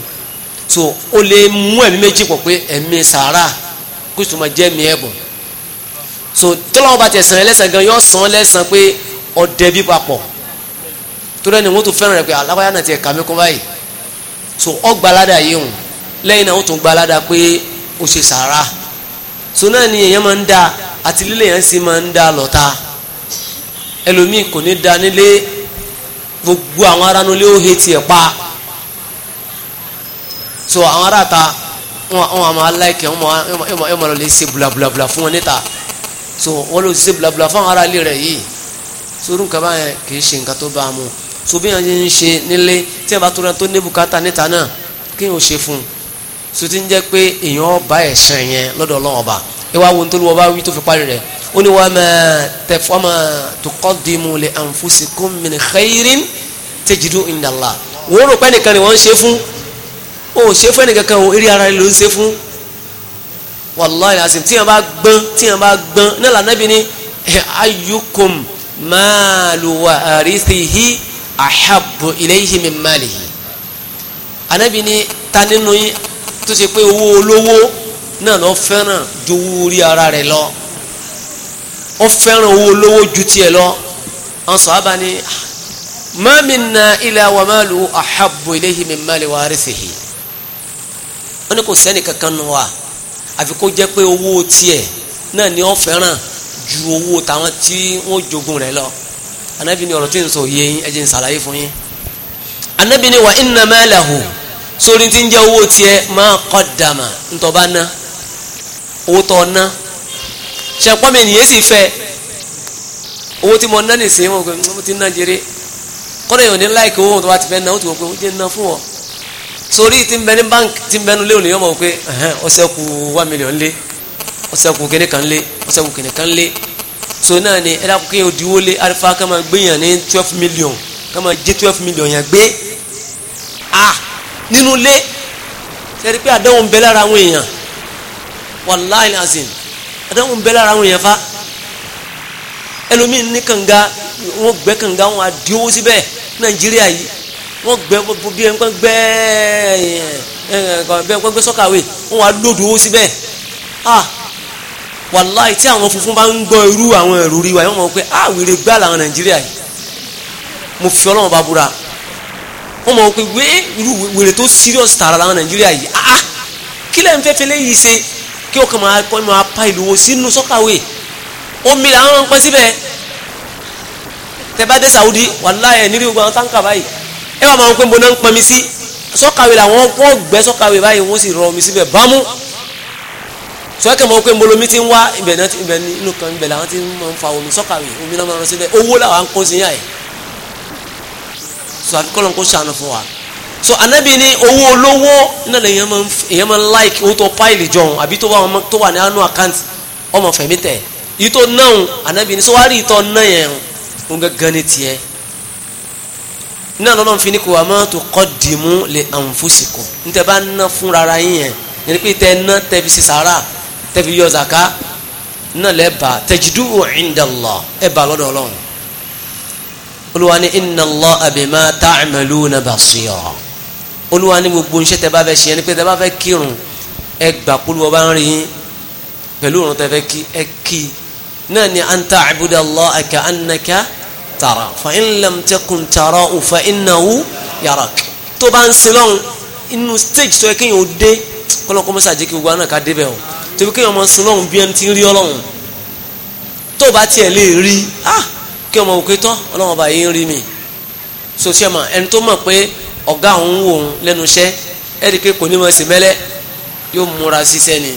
so ó lè mú ẹ̀mí méjì pọ̀ pé ẹ̀mí sàárà kó tó jẹ́ ẹ̀mí ẹ̀bùn so tọ́lọ́wọ́ bá tẹ̀ sàn ẹ́ lẹ́sàn gan yọ sàn lẹ́sàn pé ọdẹ bí papọ̀ tó lẹ́nu wọ́n tún fẹ́ràn rẹ̀ pé alábáyá náà ti ẹ̀ka mi kún báyìí so ọgbàládà yìí hùn lẹ́yìn náà wọ́n tún gbàládà pé ó ṣe sàárà so náà ni èèyàn máa ń da àti lílé yẹn sì máa ń da lọ́ta ẹlòmíì kò ní da nílé gbogbo àwọn aránulé ó he tiẹ̀ pa so àwọn ará ta wọn àmà aláìkẹ wọn máa lọ lè ṣe bùlàbùlà fún wọn níta so wọn lọ ṣe bùlàbùlà fún àwọn ará ilé rẹ yìí sorú nǹkan báyẹn kì í ṣe nǹkan tó bá a mu so bí wọn ń ṣe nílé tí wọn bá tóra tó ní bùkátà níta náà kí wọn ṣe fún un so ti ń jẹ pé èèyàn ọba ẹ̀sán yẹn lọ́dọ̀ ọlọ́run ọba ẹ wá wo ní tolú ọba wí tó fi parí rẹ̀ ó ní wàá máa tẹ fọ́ máa tuqaddimu li anfusikum min khairin tajidu indallah wọ́n rò pé nìkan ni wọ́n ń ṣe fún o ṣe fún ẹnìkankan o eré ara rẹ ló ń ṣe fún wàláhì àsìm tíyàn bá gbọ́n tíyàn bá gbọ́n náà lànàbí ni eh, ayukum maalu wa arisihi ahabu ilayhi min malihi anabi ni ta nínú yín tó ṣe pé owó olówó náà lọ fẹ́ràn ju owó orí ara rẹ̀ lọ ó fẹ́ràn owó olówó ju tiẹ̀ lọ àwọn sọ̀hábà ni ah, ma minna illa wa malu ahabu ilayhi min mali wa arisihi wọn ní kò sẹ́ni kankan nù wa àfi kó jẹ́ pé owó tiẹ̀ náà ni wọ́n fẹ́ràn ju owó táwọn tí wọ́n jogun rẹ̀ lọ anabi ni ọ̀rọ̀ tí ń sọ yé yín ẹ jẹ́ ń ṣàlàyé fún yín anabi ni wà inna malahu sórí tí ń jẹ́ owó tiẹ̀ ma qaddama ntọ́ bá ná owó tọ́ ná ṣẹ̀pọ́n mi nìyẹn sì fẹ́ owó tí mo ná nìsín mo ti ná jèrè kọ́dọ̀ yóò ní láìkí owó tó bá ti fẹ́ ná ó ti wọ́n pé ó jẹ́ ná fún ọ sórí tí ń bẹ ní bank tí ń bẹ nulẹ̀ òní ọmọ pé ọsẹ one million lé ọsẹ kù kìnìún kan lé ọsẹ kù kìnìún kan lé so náà ni ẹ dákun kéèyàn òdiwó lé alifa ká máa gbé ní twelve million ká máa jẹ twelve million yàn gbé a nínú lé sẹ́ni pé àdánwò ń bẹ lára àwọn èèyàn wàláì nàzìn àdánwò ń lára àwọn èèyàn fa ẹlòmíín ní kànga wọn gbẹ kànga wọn àdíwó síbẹ̀ nàìjíríà yìí wọ́n gbẹ gbogbo bí ẹni gbẹ ẹ gbẹ sọ́kàwé wọ́n wá lódò ó síbẹ̀ ah wàláì tí àwọn funfun bá ń gbọ́ irú àwọn èrò rí wa yẹn wọ́n mọ̀ pé ah wèrè gbá làwọn nàìjíríà yìí mo fi ọlọ́run bá búra wọ́n mọ̀ pé wé irú wèrè tó serious tààrà làwọn nàìjíríà yìí ah, ah kí lẹ́yìn fẹ́fẹ́ léyìí ṣe kí ọkàn máa kọ́ máa pa ìlú wọn sínú sọ́kàwé omi làwọn ń pẹ́ síbẹ̀ tẹ bá dé Saudi wàláì ẹ̀ nírí gbogbo àwọn táǹkà báyìí ẹ wà máa ń pè mbọ́nà ń pọnmi sí sọ́kàwé làwọn wọ́n gbẹ́ sọ́kàwé báyìí wọ́n sì rọ omi síbẹ̀ bámú sọ́kẹ́ máa ń pè mbolomi ti ń wá ibẹ̀ náà ibẹ̀ nínú kan ibẹ̀ làwọn ti máa ń fa omi sọ́kàwé omi náà máa ń rọ síbẹ̀ owó làwọn kó sí yá ẹ̀ sọ àfikọ́ lọ́n kó sànù fún wa so anabi ni owó olówó náà lè yẹn máa ń like owó tó páìlì jọ̀hún àbí tó wà ní anú àkáǹtì ọmọ fẹ̀mí tẹ̀ ìtò náà anabi ni sọ wá rí ìtọ́ náà yẹn ń gangan ní tiẹ̀ iná lọ́lọ́run fi ní kò wá mọ́ tó kọ́ dìímú lè ànfúsìkò níta bá ná fúnra ara yín yẹn yẹn pé tẹ ná tẹ fi ṣe sàárà tẹ fi yọ zàká náà lẹ́ bá tẹ̀jìdú ìndàlọ́ ẹ bá lọ́dọ̀ ọlọ́run olúwa ní inna Allaha bima ta'maluna basira olúwa ní gbogbo iṣẹ́ tẹ bá fẹ́ ṣe yẹn ni pé tẹ bá fẹ́ kírun ẹ gbà kúlù ọba ń rí yín pẹ̀lú òrùn tẹ fẹ́ kí ẹ kí náà ni anta abudallah aka annaka tara fa in lam takun tara'u fa innahu yarak tó bá ń sin lọ́hùn inú stage tó yẹ kéèyàn ó dé kọ́lọ́kọ́ mọ́sá jẹ́ kí gbogbo àná ká débẹ̀ o tó bí kéèyàn mọ́ sin lọ́hùn bí ẹni tí ń rí ọlọ́hùn tó bá tiẹ̀ lè rí ah, kí ọmọ òkè tọ́ ọlọ́hùn ọba yìí ń rí mi so ṣe ẹni tó mọ̀ pé ọ̀gá òun wò òun lẹ́nu iṣẹ́ ẹ̀rí pé kò ní mọ̀ sí mẹ́lẹ́ yóò múra ṣiṣẹ́ ni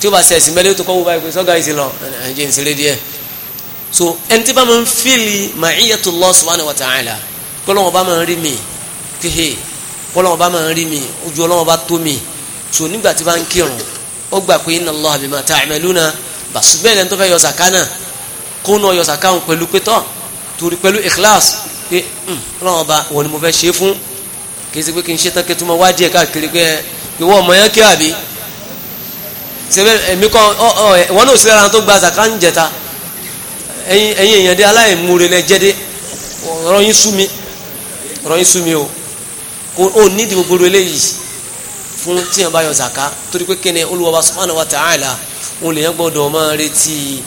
tí ó bá ṣe ẹ̀sìn mẹ́lẹ́ tó kọ́ wọ́n báyìí pé sọ́gà ìṣe lọ ẹ̀jẹ̀ ìṣeré díẹ̀ so ẹni tí bá máa ń fíìlì ma'iyatullah subhanahu wa ta'ala kọ́lọ́wọ́n bá máa ń rí mi kéhe kọ́lọ́wọ́n bá máa ń rí mi ojú ọlọ́wọ́n bá tó mi so nígbà tí bá ń kírun ó gbà pé inna Allah bima ta'maluna bàṣubẹ́ẹ̀ lẹ́ni tó fẹ́ yọ sàkánà kó náà yọ sàkánù pẹ̀lú pétọ́ torí pẹ̀lú ikhlas pé ọlọ́wọ́n bá wọ́n ni mo fẹ́ ṣe é fún kì í ṣe pé kí n ṣe tán kí n tún mọ wádìí ẹ̀ káàkiri pé wọ́n ẹ̀yin èèyàn dé aláìmoore lẹ jẹ́ dé ọ̀rọ̀ yín sú mi ọ̀rọ̀ yín sú mi o kò ó nídìí gbogbo eléyìí fún tíyẹn bá yọ zaka torí pé kíni olùwàbà subhanahu wa ta'ala òun lèyàn gbọ́dọ̀ máa retí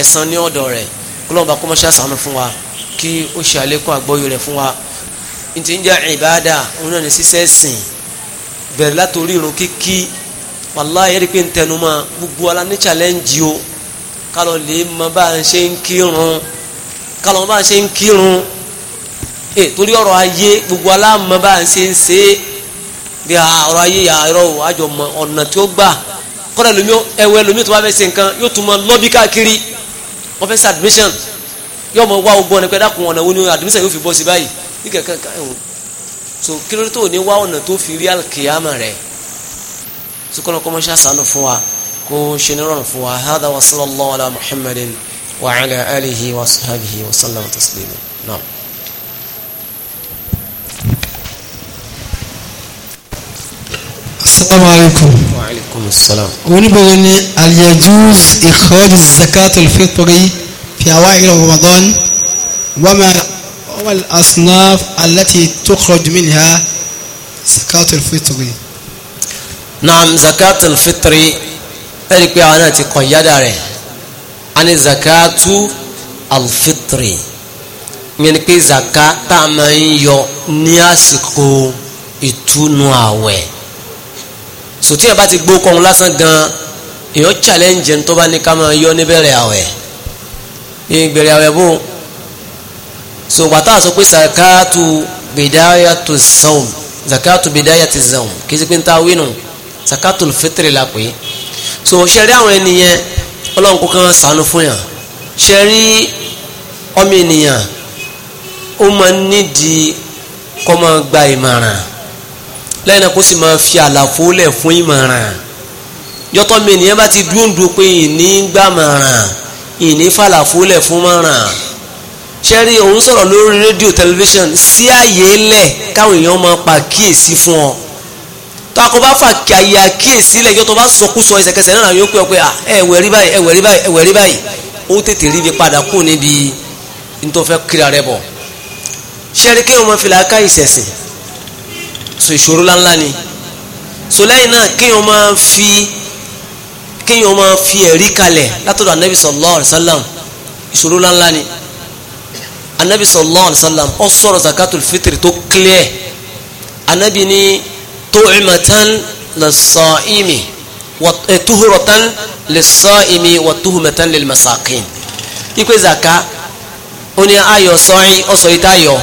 ẹ̀san ní ọ̀dọ̀ rẹ̀ kọlọ́mùbá kó máa ṣàṣàánú fún wa kí ó ṣe àlékún àgbọ́yé rẹ̀ fún wa ntí ń jẹ́ ìbáàdà òun náà ní sísẹ́ sìn bẹ̀rẹ̀ látòrí irun kíkí wàláyé rí pé ń gbogbo ala ní challenge o kálọ lè mọ bá ń ṣe ń kírun kálọ bá ń ṣe ń kírun ẹ torí ọ̀rọ̀ ayé gbogbo aláàmọ bá ń ṣe ń ṣe é bí ọ̀rọ̀ ayé yà ẹ̀rọ àjọ mọ ọ̀nà tí ó gbà kọ́dà lómi ẹwẹ́ lómi tó bá fẹ́ ṣe nǹkan yóò tún mọ lọ́bí káàkiri wọ́n fẹ́ ṣe admission yóò mọ wá ogbọ́n ní pẹ́ dákun ọ̀nà wo ni admission yóò fi bọ́ sí báyìí ní kẹ̀kẹ́ ẹ̀hún so kí ló tó ní wá ọ̀nà tó fi rí àkìyàmọ̀ rẹ̀ so kọ́mọ́ṣá sànù fún wa. كوشنرون هذا وصلى الله على محمد وعلى آله وصحبه وسلم تسليما نعم السلام عليكم وعليكم السلام ونبغني هل يجوز إخراج الزكاة الفطري في أوائل رمضان وما هو الأصناف التي تخرج منها زكاة الفطري نعم زكاة الفطري ẹ̀rí pé àwọn náà ti kàn yádà rẹ̀ a zakatu alfitri ìyẹn pé zaka tá a máa ń yọ ní àsìkò ìtúnu àwẹ̀ sòtí yẹn bá ti gbó kọ́hún lásán gan èèyàn challenge ń tó bá ní ká máa yọ níbẹ̀rẹ̀ àwẹ̀ ìgbèrè àwẹ̀ bò sògbà tá a sọ pé zakatu bidaya tu sawm zakatu bidaya ti sawm kí n sì pé n ta wínú zakatu fitri la pè é so ṣe rí àwọn ènìyàn ọlọ́run kó kàn sànú fún yàn ṣe rí ọmọ ènìyàn ó máa nídìí kó máa gba ìmọ̀ràn lẹ́yìn náà kó sì máa fi àlàfo lẹ̀ fún ìmọ̀ràn yọtọ̀ mi ènìyàn bá ti dúndú pé ìní gbàmọ̀ràn ìní fàlàfo lẹ̀ fún mọ̀ràn ṣe òun sọ̀rọ̀ lórí rédíò tẹlifíṣàn sí àyè lẹ̀ káwọn èèyàn máa pa kíyèsí fún ọ tako bá fà kíáyà kíyèsí lẹ́yìn tó bá sọkúsọ ẹsẹ̀kẹsẹ̀ náà yóò pé ọpẹ́ ẹ̀wẹ̀ rí báyìí ẹ̀wẹ̀ rí báyìí ẹ̀wẹ̀ rí báyìí ó tètè rí mi padà kú níbi ntọ́fẹ́ kíra rẹ bọ̀ ṣẹ́rí kí máa fi làákà ìṣẹ̀sìn so ìṣòro ńláńlá ni so lẹ́yìn náà kí wọ́n máa fi kí wọ́n máa fi ẹ̀rí kalẹ̀ látọ̀dọ̀ anabi sallallahu alayhi sallam ìṣòro ńláńlá ni anabi sallam ó sọ̀rọ̀ zakatul fitri tó clear anabi ni tu'matan lis-sa'imi wa tuhuratan lis-sa'imi wa tuhmatan lil-masakin ipe zaka ó ní ayọ̀ sọ́yìn ọ̀sọ̀ yìí tá yọ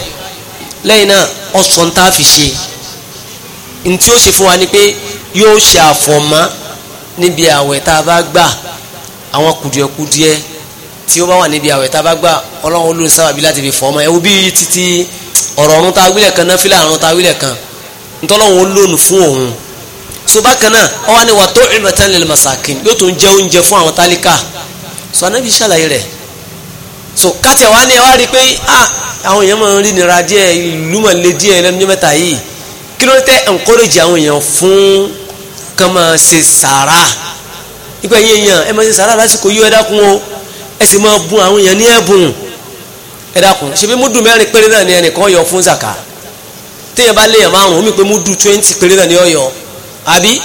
lẹ́yìn náà ọ̀sọ̀ ń tá fi ṣe ntí ó ṣe fún wa ni pé yóò ṣe àfọ̀mọ́ níbi àwẹ̀ tá a bá gbà àwọn kùdìẹ̀kùdìẹ̀ tí ó bá wà níbi àwẹ̀ tá a bá gbà ọlọ́run olóhùn láti fi fọ́ ọmọ ẹ̀ wo bí títí ọ̀rọ̀ ọ̀run tá a wílẹ̀ kan náà fílà ọ̀run tá a wílẹ̀ kan ntọ́lọ́hún ó lónìí fún òun so bákan náà wà tó ìmọ̀tán lil masakin yóò tó ń jẹ oúnjẹ fún àwọn tálíkà so anábì ṣàlàyé rẹ̀ so káti àwọn ni ẹ wá rí i pé ah àwọn èèyàn máa ń rí nira díẹ̀ ìlú máa le díẹ̀ lẹ́nu mẹ́ta yìí kí ló tẹ́ encourage àwọn èèyàn fún kàn máa ṣe sàrà ipa yín èèyàn ẹ máa ṣe sàrà lásìkò yí ẹ dákun o ẹ sì máa bùn àwọn èèyàn ní ẹ̀bùn ẹ dákun ṣe bí múdù mẹ́rin péré náà ni ẹnìkan yọ fún zaka téèyàn bá léèyàn márùn ún pé múdù twenty péré náà ni ó yọ àbí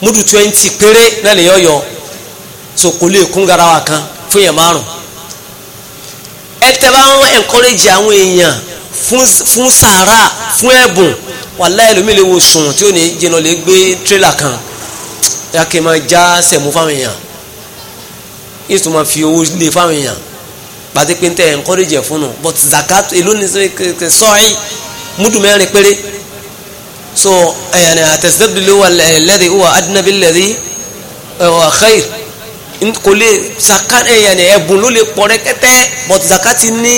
múdù twenty péré náà ni ó yọ so kò lè kún garawa kan fún èèyàn márùn ẹ tẹ́ bá ń encourage àwọn èèyàn fún sàárà fún ẹ̀bùn wàláhì ẹlòmíì lè wo sùn tí ò ní jìnnà lè gbé tírélà kan ya kí n máa já sẹ̀mú fáwọn èèyàn yìí tún máa fi owó lé fáwọn èèyàn pàtẹ́pẹ́ ń tẹ́ encourage ẹ̀ fún un but zakat èló ni sọ́ọ̀yì múdù mẹ́rin péré so ẹ̀yàn àtẹ̀sídẹ́bìlì wà lẹ́dí wà adínábì lẹ́dí wà khair kò lè zakat ẹ̀yàn eh, ẹ̀bùn ló lè pọ̀ rẹ́kẹ́tẹ́ but zakat ní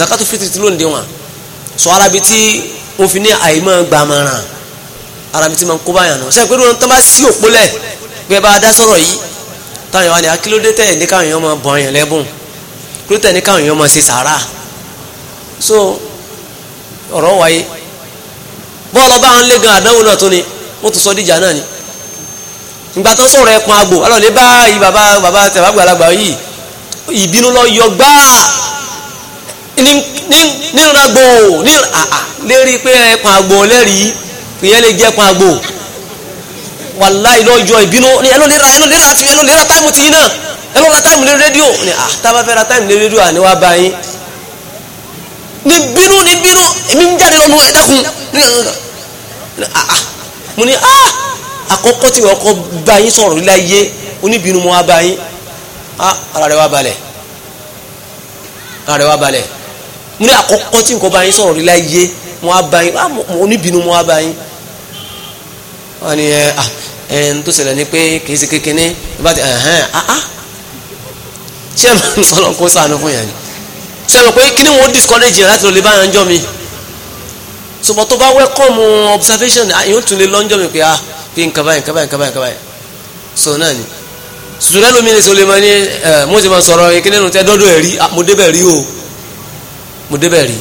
zakat fitiri ló ń dín wọn so arabi tí wọ́n fi ní àyèmọ́ gbàmọ̀ràn arabi tí wọ́n kó báyàn náà sẹ́yìn pé wọ́n tó bá sí òpó lẹ̀ pé bá a dá sọ̀rọ̀ yìí táwọn èèyàn wá ní akílódé tẹ̀ ní káwọn èèyàn máa bọ̀ yàn lẹ́bùn kílódé tẹ̀ ní so ọ̀rọ̀ wáyé bọ́ọ̀lù ọba àwọn lẹ́gàn àdánwò náà tó ni wọ́n tún sọ díjà náà ni ìgbà tán sọ̀rọ̀ ẹ̀pọ̀n àgbò alọ́ọ̀lẹ́ bá yìí bàbá bàbá tẹ̀wágbà alágbà yìí ìbínú lọ yọ gbáà níragbo lérí pé agbo. ìyẹn lè jẹ́ wàláì ìbínú ni ẹlọ́lẹ́ra ẹlọ́lẹ́ra táìmù tìyín náà ẹlọ́lẹ́ra táìmù lé rédíò ni àtàbàfẹ́ra táìmù lé rédíò àníwá báyìí ní bínú ní bínú èmi ń jáde lọ́nu ẹ̀dákun ah, ah. mo ní ah, àkọ́kọ́ tí wọ́n kọ́ bá yín sọ̀rọ̀ láyé oníbínú mo wá bá yín ara rẹ̀ wá balẹ̀ ara rẹ̀ wá balẹ̀ mo ní àkọ́kọ́ tí nǹkan bá yín sọ̀rọ̀ láyé mo wá bá yín oníbínú mo wá bá yín wọ́n ní ẹ eh, ẹ eh, n tó ṣẹlẹ̀ ni pé kì í ṣe kékeré ẹ bá ti ẹ̀hẹ́n ṣé ẹ máa ń sọ̀rọ̀ kó sànú fún yàrá sẹ́wọ̀n pé kí ni wọ́n discourage yẹn láti lọ lè bá yẹn jọ mi sọ̀bọ̀ tó bá welcome observation ah, yóò tún lè lọ́njọ́ mi pé ah pé nǹkan báyìí nǹkan báyìí nǹkan báyìí nǹkan báyìí so náà ni sùdúrẹ́ lómi ni sọlẹ̀ máa ní ẹ mo ti máa sọ̀rọ̀ yẹn kí nínú tẹ́ dọ́dọ̀ ẹ̀ rí ah, mo débẹ̀ rí o mo débẹ̀ rí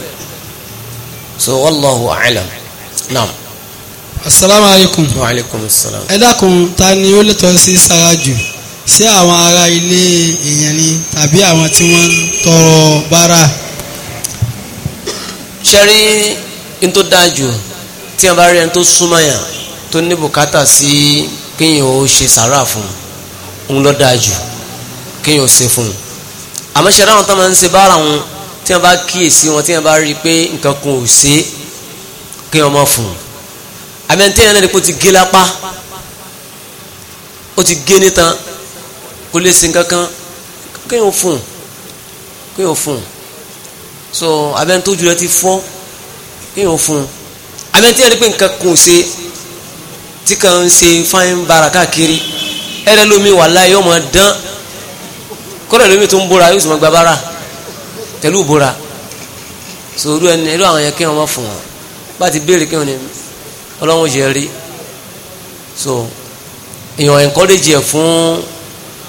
so wallahu a'lam naam. asalaamualeykum. wa aleykum salaam. ẹ dákun ta ni ó lè tọ́ sí sára jù ṣé àwọn ará ilé èèyàn ni tàbí àwọn tí wọ́n ń tọrọ bára. ṣe rí n tó dáa jù tí a bá rí ẹni tó súnmọ́ yàn tó ní bùkátà sí kéèyàn ó ṣe sàárà fún un ló dáa jù kéèyàn ó ṣe fún un àmọ́ ṣe ráwọn tó máa ń ṣe bára wọn tí a bá kíyèsí wọn tí a bá rí i pé nǹkan kan ò ṣe kéèyàn má fún un àmì ẹni tí yẹn ti gé lápá ó ti gé nítan kò lè sin kankan kéèyàn fún kéèyàn fún so abẹ́ni tó jùlọ ti fọ́ kéèyàn fún abẹ́ni tí yẹn ní pé nǹkan kò ṣe tí kàn ń ṣe fáin bara káàkiri ẹ̀rẹ́ lómi wallahi yóò máa dán kọ́rọ̀ lómi tó ń bóra yóò sì máa gba bára pẹ̀lú bóra so irú ẹni irú àwọn yẹn kéèyàn máa fún wọn bá ti béèrè kéèyàn ní ọlọ́run yẹn rí so èèyàn encourage ẹ̀ fún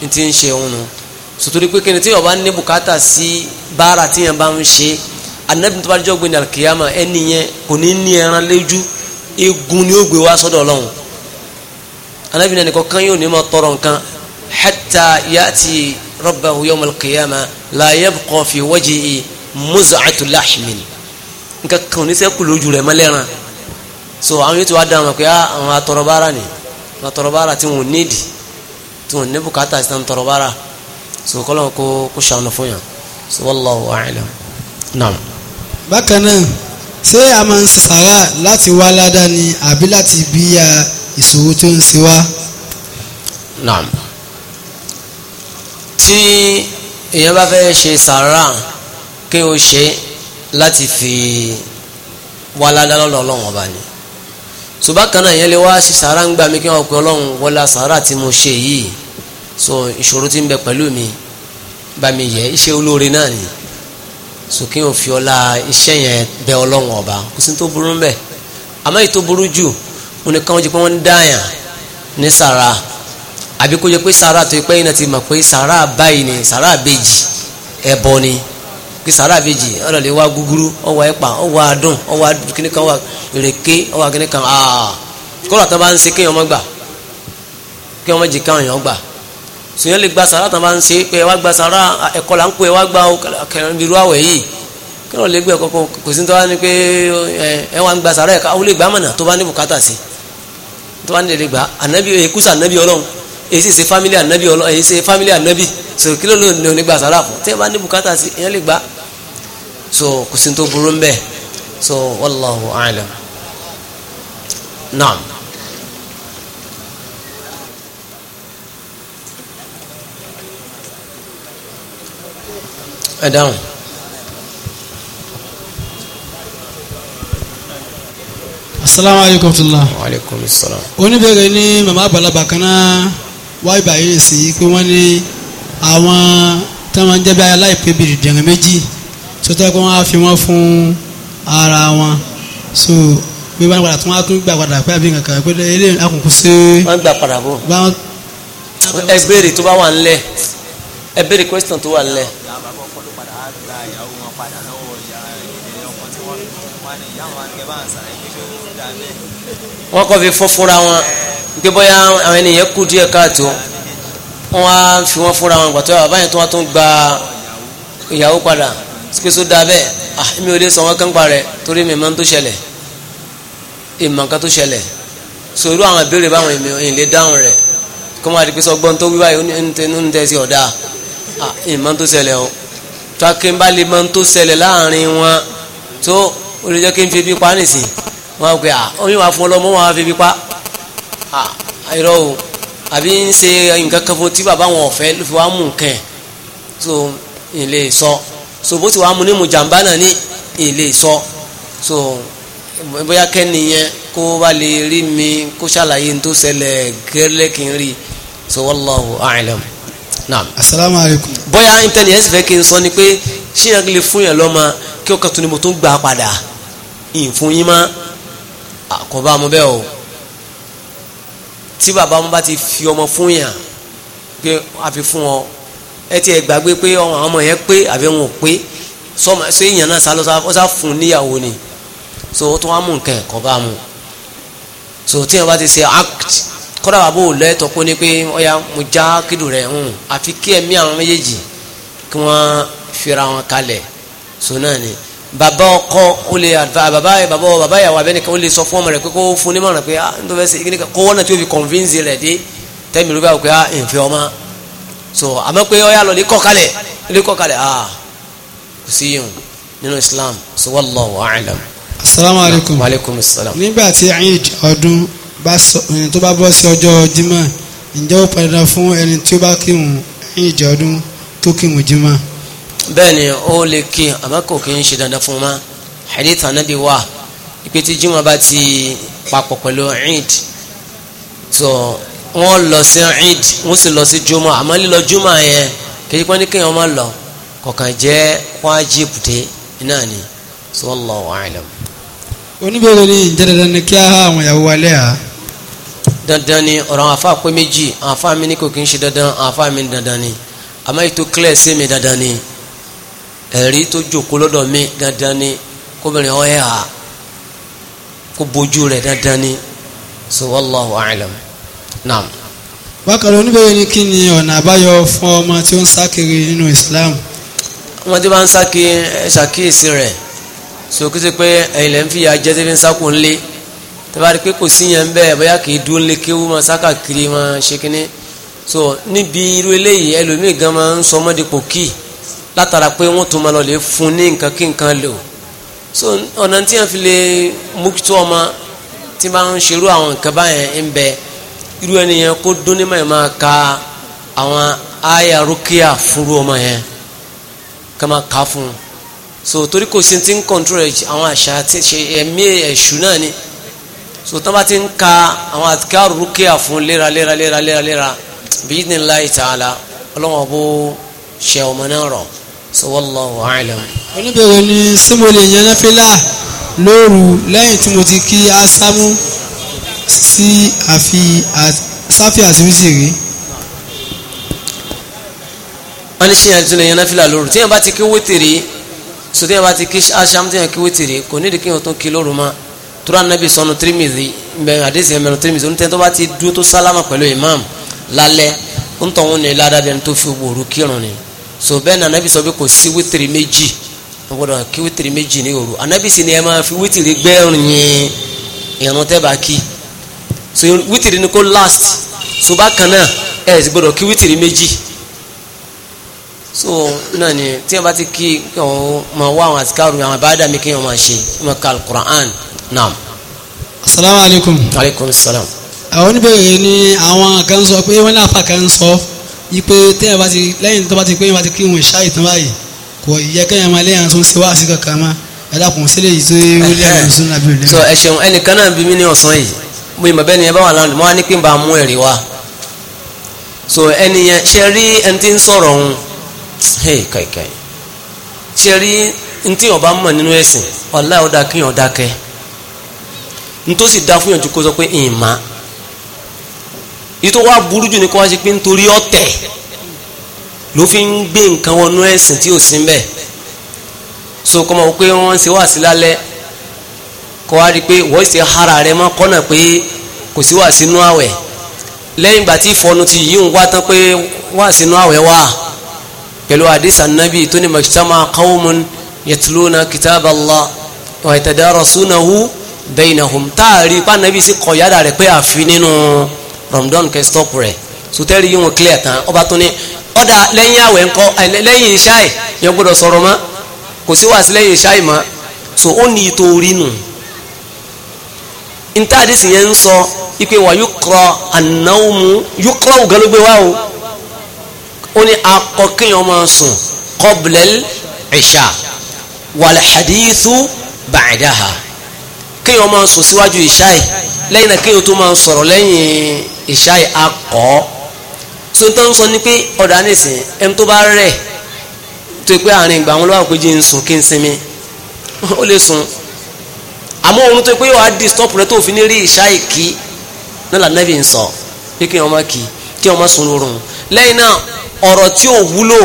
ní ti ń ṣe òun nù sotori pé kíni tí ọba ní bùkátà sí bára tí yẹn bá ń ṣe anabi tó bá jọ gbẹni alikiyama ẹni yẹn kò ní ní ẹran lójú egun ni ó gbé wá sọ́dọ̀ Ọlọ́run anabi náà nìkan kan yóò ní ma tọrọ nǹkan hatta yaati rabbahu yawm alikiyama la yabqa fi wajhihi muz'atu lahmin nǹkan kan ní sẹ́kù lójú rẹ̀ mọ́lẹ́ran so àwọn yóò ti wá dáhùn pé ah, àwọn atọrọ bára ni atọrọ bára tí wọn ò nídìí tí wọn ní bùkátà sí tán tọrọ so kọ́lọ́ kó kó ṣàánú fún yàn so wallahu a'lam naam. bákan náà ṣé a máa ń sàrà láti wá ládàá ni àbí láti bíyà ìṣòro tó ń ṣe wá. naam tí èèyàn bá fẹ́ ṣe sàrà kí o ṣe láti fi wá ládàá lọ́dọ̀ ọlọ́run ni so bákan náà yẹn lè wá ṣe sàárà ń gbà mí kí wọn pe ọlọ́run wọlá sàárà tí mo ṣe yìí so ìṣòro tí ń bẹ pẹ̀lú mi bá mi yẹ iṣẹ́ olóore náà ni so kí wọn fi ọlá iṣẹ́ yẹn bẹ ọlọ́run ọba kò sí tó burú ń bẹ àmọ́ èyí tó burú jù wọn ni káwọn jẹ pé wọ́n ń dáyàn ní sàárà àbí kó jẹ pé sàárà tó yẹ pé yìí náà ti mọ̀ pé sàárà báyìí ni sàárà bèjì ẹ̀bọ ni kí sàrà àbejì ọ̀rọ̀ lè wá gúgúrú ọwọ́ ẹ̀pà ọwọ́ adùn ọwọ́ kíní kan ìrèké ọwọ́ kíní kan kọ́lá tán bá ń ṣe kéèyàn mọ́ gbà kéèyàn mọ́ jì káwọn èèyàn gbà sèyàn lè gba sàrà tán bá ń ṣe pé ẹ wá gba sàrà ẹ̀kọ́ là ń pè ẹ wá gba irú àwẹ̀ yìí kéèyàn lè gbé ẹ̀kọ́ kò sí tó wá ní pé ẹ wá ń gba sàrà ẹ̀ka ó lè gbà mọ̀nà tó bá ní bùkátà sí tó bá ní èyí sì ṣe fámílì ànábì ọlọ èyí ṣe fámílì ànábì so kí ló ló ní onígbà sàrà fún tí ẹ bá ní bùkátà sí èèyàn lè gbá so kò sí tó burú mbẹ so wallahu a'lam naam. ẹ dáhùn. asalaamualeykum tula. wa aleykum salaam. oníbẹ̀rẹ̀ ni mama balaba kan náà wá ìbàyè sí i pé wọ́n ní àwọn tí wọ́n jẹ́ bí aláìpé bíi dìdìrín méjì tó tẹ́ pé wọ́n á fi wọ́n fún ara wọn so bí wọ́n padà tí wọ́n á tún gbà padà pé àbí kankan pé eré akùnkùn sí. wọ́n gbà padà bò ẹ tó bá wà ńlẹ̀ ẹ question tó wà ńlẹ̀. wọ́n kọ́ fi fọ́ fúnra wọn wípé bóyá àwọn ènìyàn kù díẹ̀ káàtó wọ́n á fi wọ́n fúnra wọn gbàtọ́ bàbá yẹn tó wọ́n tún gba ìyàwó padà sípé só dáa bẹ́ẹ̀ ah mi ò lè sọ wọ́n kánpa rẹ̀ torí mi máa ń tó ṣẹlẹ̀ ìmọ̀ nǹkan tó ṣẹlẹ̀ so irú àwọn ìbéèrè báwọn èèyàn lè dáhùn rẹ̀ kó máa di tó wíwá yìí tẹ́ sí ọ̀dà ah ìmọ̀ tó ṣẹlẹ̀ o tó akéwìn bá lè máa ń tó ṣẹlẹ̀ láàrin wọn tó olùjọ́ kí n fi bí pa nìsín wọn á pè ah oyún wa fún ọlọ́mọ wọn á fi bí pa irọ́ o àbí ń ṣe nǹkan kan fún tí bàbá wọn ọ̀fẹ́ ló fi wá mú nǹkan ẹ̀ tó ilé sọ so bó ti wàá mú nímú jàǹbá náà ní ilé sọ so bóyá kẹ́ni yẹn kó bá lè rí mi kó ṣàlàyé ní tó ṣẹlẹ̀ gẹ́lẹ́ kí n rí so wallahu a'lam naam. asalaamualeykum. bóyá intanet yẹn sì fẹ́ kí n sọ ni pé ṣé yẹn lè fún yẹn lọ́mọ kí ọkàn tó ni mo tún gbà padà ìfún yín má kò bá bẹ́ẹ̀ o tí bàbá wọn bá ti fi ọmọ fún yàn pé a fi fún ọ ẹ ti ẹ gbàgbé pé àwọn ọmọ yẹn pé àbí wọn ò pé sọmọ ṣé èèyàn náà sá lọ sá fún níyàwó ni so ó tún wá mú nǹkan ẹ̀kọ́ bá mu so tí wọn bá ti ṣe act kọ́dà bàbá ò lẹ́tọ̀ pé ní pé ọ̀ya mo já kídù rẹ̀ hùn àfi kí ẹ̀mí àwọn méjèèjì kí wọ́n fira wọn kalẹ̀ so náà ni bàbá ọkọ ó lè bàbá bàbá bàbá ìyàwó abẹ́nìkan ó lè sọ fún ọmọ rẹ̀ pé kó fún ní mọ̀ràn pé ah n tó fẹ́ ṣe kíni kan kó wọ́n tí ó fi convince rẹ̀ dé tẹ́mi ló bá wò pé ah ǹfẹ́ ọmọ so àmọ́ pé ó yá lọ lè kọ́ kalẹ̀ lè ah kò sí yìí nínú Islam so wallahu a'lam. asalaamu alaykum waaleykum salaam. nígbà tí eid ọdún eh, tó bá bọ́ sí ọjọ́ jimá ǹjẹ́ ó padà fún ẹni tí bá kírun bẹ́ẹ̀ o ó lè ké àmọ́ kò kí ń ṣe dandan fún ma hadith anabi wa ipe tí jimoh bá ti papọ̀ pẹ̀lú eid tó wọ́n lọ sí eid wọ́n sì lọ sí juma àmọ́ lílọ juma yẹn kìí pọ́n ní kéèyàn má lọ kọ̀ọ̀kan jẹ́ wájibùdé náà ni wallahu a'lam. oníbẹ̀rẹ̀ ni ìjẹ́dẹ̀dẹ̀ ni kí á há àwọn ìyàwó alẹ́ à. dandan ni ọ̀rọ̀ àwọn afá pé méjì àwọn afá mi ní kò kí ń ṣe dandan àwọn afá mi dandan ni àmọ́ ètò clear sí mi dandan ni ẹ̀rí tó jòkó lọ́dọ̀ mi dandan ni kóbìnrin ọ̀ ẹ̀ hà kó bójú rẹ̀ dandan ni so wallahu a'lam naam. bákan náà oníbẹ̀rẹ̀ ni kí ni ọ̀nà àbáyọ fún ọmọ tí ó ń sá nínú Islam. ọmọ tí bá ń sá kiri ṣàkíyèsí rẹ̀ sókè pé ẹ̀yìn lẹ́ fìyà jẹ́ tí fi ń sákò ńlé tẹ́bárí pé kò sí yẹn ń bẹ́ẹ̀ bóyá kì í dúró lé kéwú máa sáka kiri máa ṣe kínní so níbi irú eléyìí ẹlòmíì gan máa ń sọ ọmọdé kíì látara pé wọ́n tún máa lọ lè fún ní nǹkan kí nǹkan lò so ọ̀nà tí wọ́n fi lè mójútó ọmọ tí bá ń ṣerú àwọn nǹkan báyẹn ń bẹ irú ẹni yẹn kó dún ní mọ̀ máa ka àwọn àyà rúkìá fúnrú ọmọ yẹn ká máa kà á fún so torí kò sí ti ń control àwọn àṣà àti ẹ̀mí ẹ̀ṣù náà ni so tó bá ti ń ka àwọn àtikáàrù rúkìá fún léraléraléraléra bí ní láì tààlà ọlọ́wọ́n bó ṣe ọmọ náà rọ̀ wallahu a'lam. oníbẹ̀rẹ̀ ni ṣé mo lè yan náfìlà lóru lẹ́yìn tí mo ti kí asámú sí àfi sáfì àṣírísì rí. wọ́n ní ṣé yẹn tún lè yan náfìlà lóru tí yẹn bá ti kí wítìrì so tí yẹn bá ti kí asámú tí yẹn kí wítìrì kò nídìí kí yẹn tún kí lóru mọ́ tura nabi sọnu tirimizi mbẹ hadisi yẹ mẹnu tirimizi onitẹ tó bá ti dúró tó sálámà pẹ̀lú imam lálẹ́ ntọnwó ni ladadẹ ntó wòru kírun ni so bẹ́ẹ̀ ni anabi sọ pé kò sí wítìrì méjì wọ́n gbọ́dọ̀ kí wítìrì méjì ní òru anabi sì ni ẹ máa fi wítìrì gbẹ́rùn yín ìrún tẹ́ bá kí so wítìrì ni kò last so bákan náà ẹ sì gbọ́dọ̀ kí wítìrì méjì so náà ni tí wọ́n bá ti kí ọ̀hún máa wá àwọn àtikáàrù àwọn àbáàdà mi kí wọ́n máa ṣe wọ́n máa ka alukur'an asalaamualeykum. aleykum salaam. àwọn oníbẹ̀rẹ̀ ni àwọn kan sọ pé wọ́n ní àfa kan sọ. So ipe tẹ́yà bá ti lẹ́yìn tó bá ti pé yẹn bá ti kí òun ìṣá ìtàn báyìí kò yẹ kẹ́yìn máa lẹ́yìn àtúnṣe wá sí kankan mọ́ ẹ dákun sílẹ̀ yìí tó ó lẹ́yìn sún lábẹ́ òde. sọ ẹ ṣeun ẹnìkan náà bí mí ní ọ̀sán yìí mo ìmọ̀ bẹ́ẹ̀ ni ẹ bá wà láwọn ọ̀nà ní pé n bá mú ẹ̀rí wa so ẹni yẹn ṣe rí ẹni tí ń sọ̀rọ̀ òun hey kàìkàì ṣe rí n tí ọba mọ̀ nínú ẹ̀sìn ọ̀la ọ̀dà yìí tó wá burú jù ní kó wá ṣe pé nítorí ọ̀tẹ̀ ló fi ń gbé nǹkan wọnú ẹ̀sìn tí ò sí mbẹ́ so kọ́ mọ̀ wọ́n pé wọ́n ń ṣe wá sí lálẹ́ kọ́ wá rí i pé wọ́n ṣe hara rẹ mọ́ kọ́nà pé kò sí wá sínú àwẹ̀ lẹ́yìn ìgbà tí ìfọnu ti yí ń wá tán pé wá sínú àwẹ̀ wá pẹ̀lú àdìsá nábì tó ní mọ̀títàmá qawmun yatluna kitaballah wa yatadarasunahu bainahum táàrí pàànàbì sí kọ̀ rẹ̀ pé àfi nínú. No rọmdọ́n kẹ́ stọ́ọ̀pù rẹ̀ sotẹ́rì yìí wọn clear tán ọba tó ní ọ̀dà lẹ́yìn àwẹ̀ ńkọ́ lẹ́yìn ìṣáì yẹn gbọ́dọ̀ sọ̀rọ̀ mọ́ kò sí wàásù lẹ́yìn ìṣáì mọ́ so ó ní ito orí nù ntaadisi yẹn ń sọ ipe wa yukọ anáwómu yukọ ògálógbé wa o ó ní akọkínyàn máa sùn kọbulẹl ìṣá wàlẹ̀ hadithu bàdáhà kínyàn máa sùn síwájú ìṣáì lẹ́yìn náà kéèyàn tó máa sọ̀rọ̀ lẹ́yìn ìṣáì akọ tó ń sọ ni pé ọ̀dà nìsín ẹni tó bá rẹ̀ tó pé àárín ìgbà wọn lọ́wọ́ pé jí ń sùn kí n sinmi ó lè sùn àmọ́ òun tó pé yóò wá di stop rẹ tó fi ní rí ìṣáì kí náà là nẹ́bí ń sọ pé kí wọ́n má kí kí wọ́n má sùn lórun lẹ́yìn náà ọ̀rọ̀ tí ò wúlò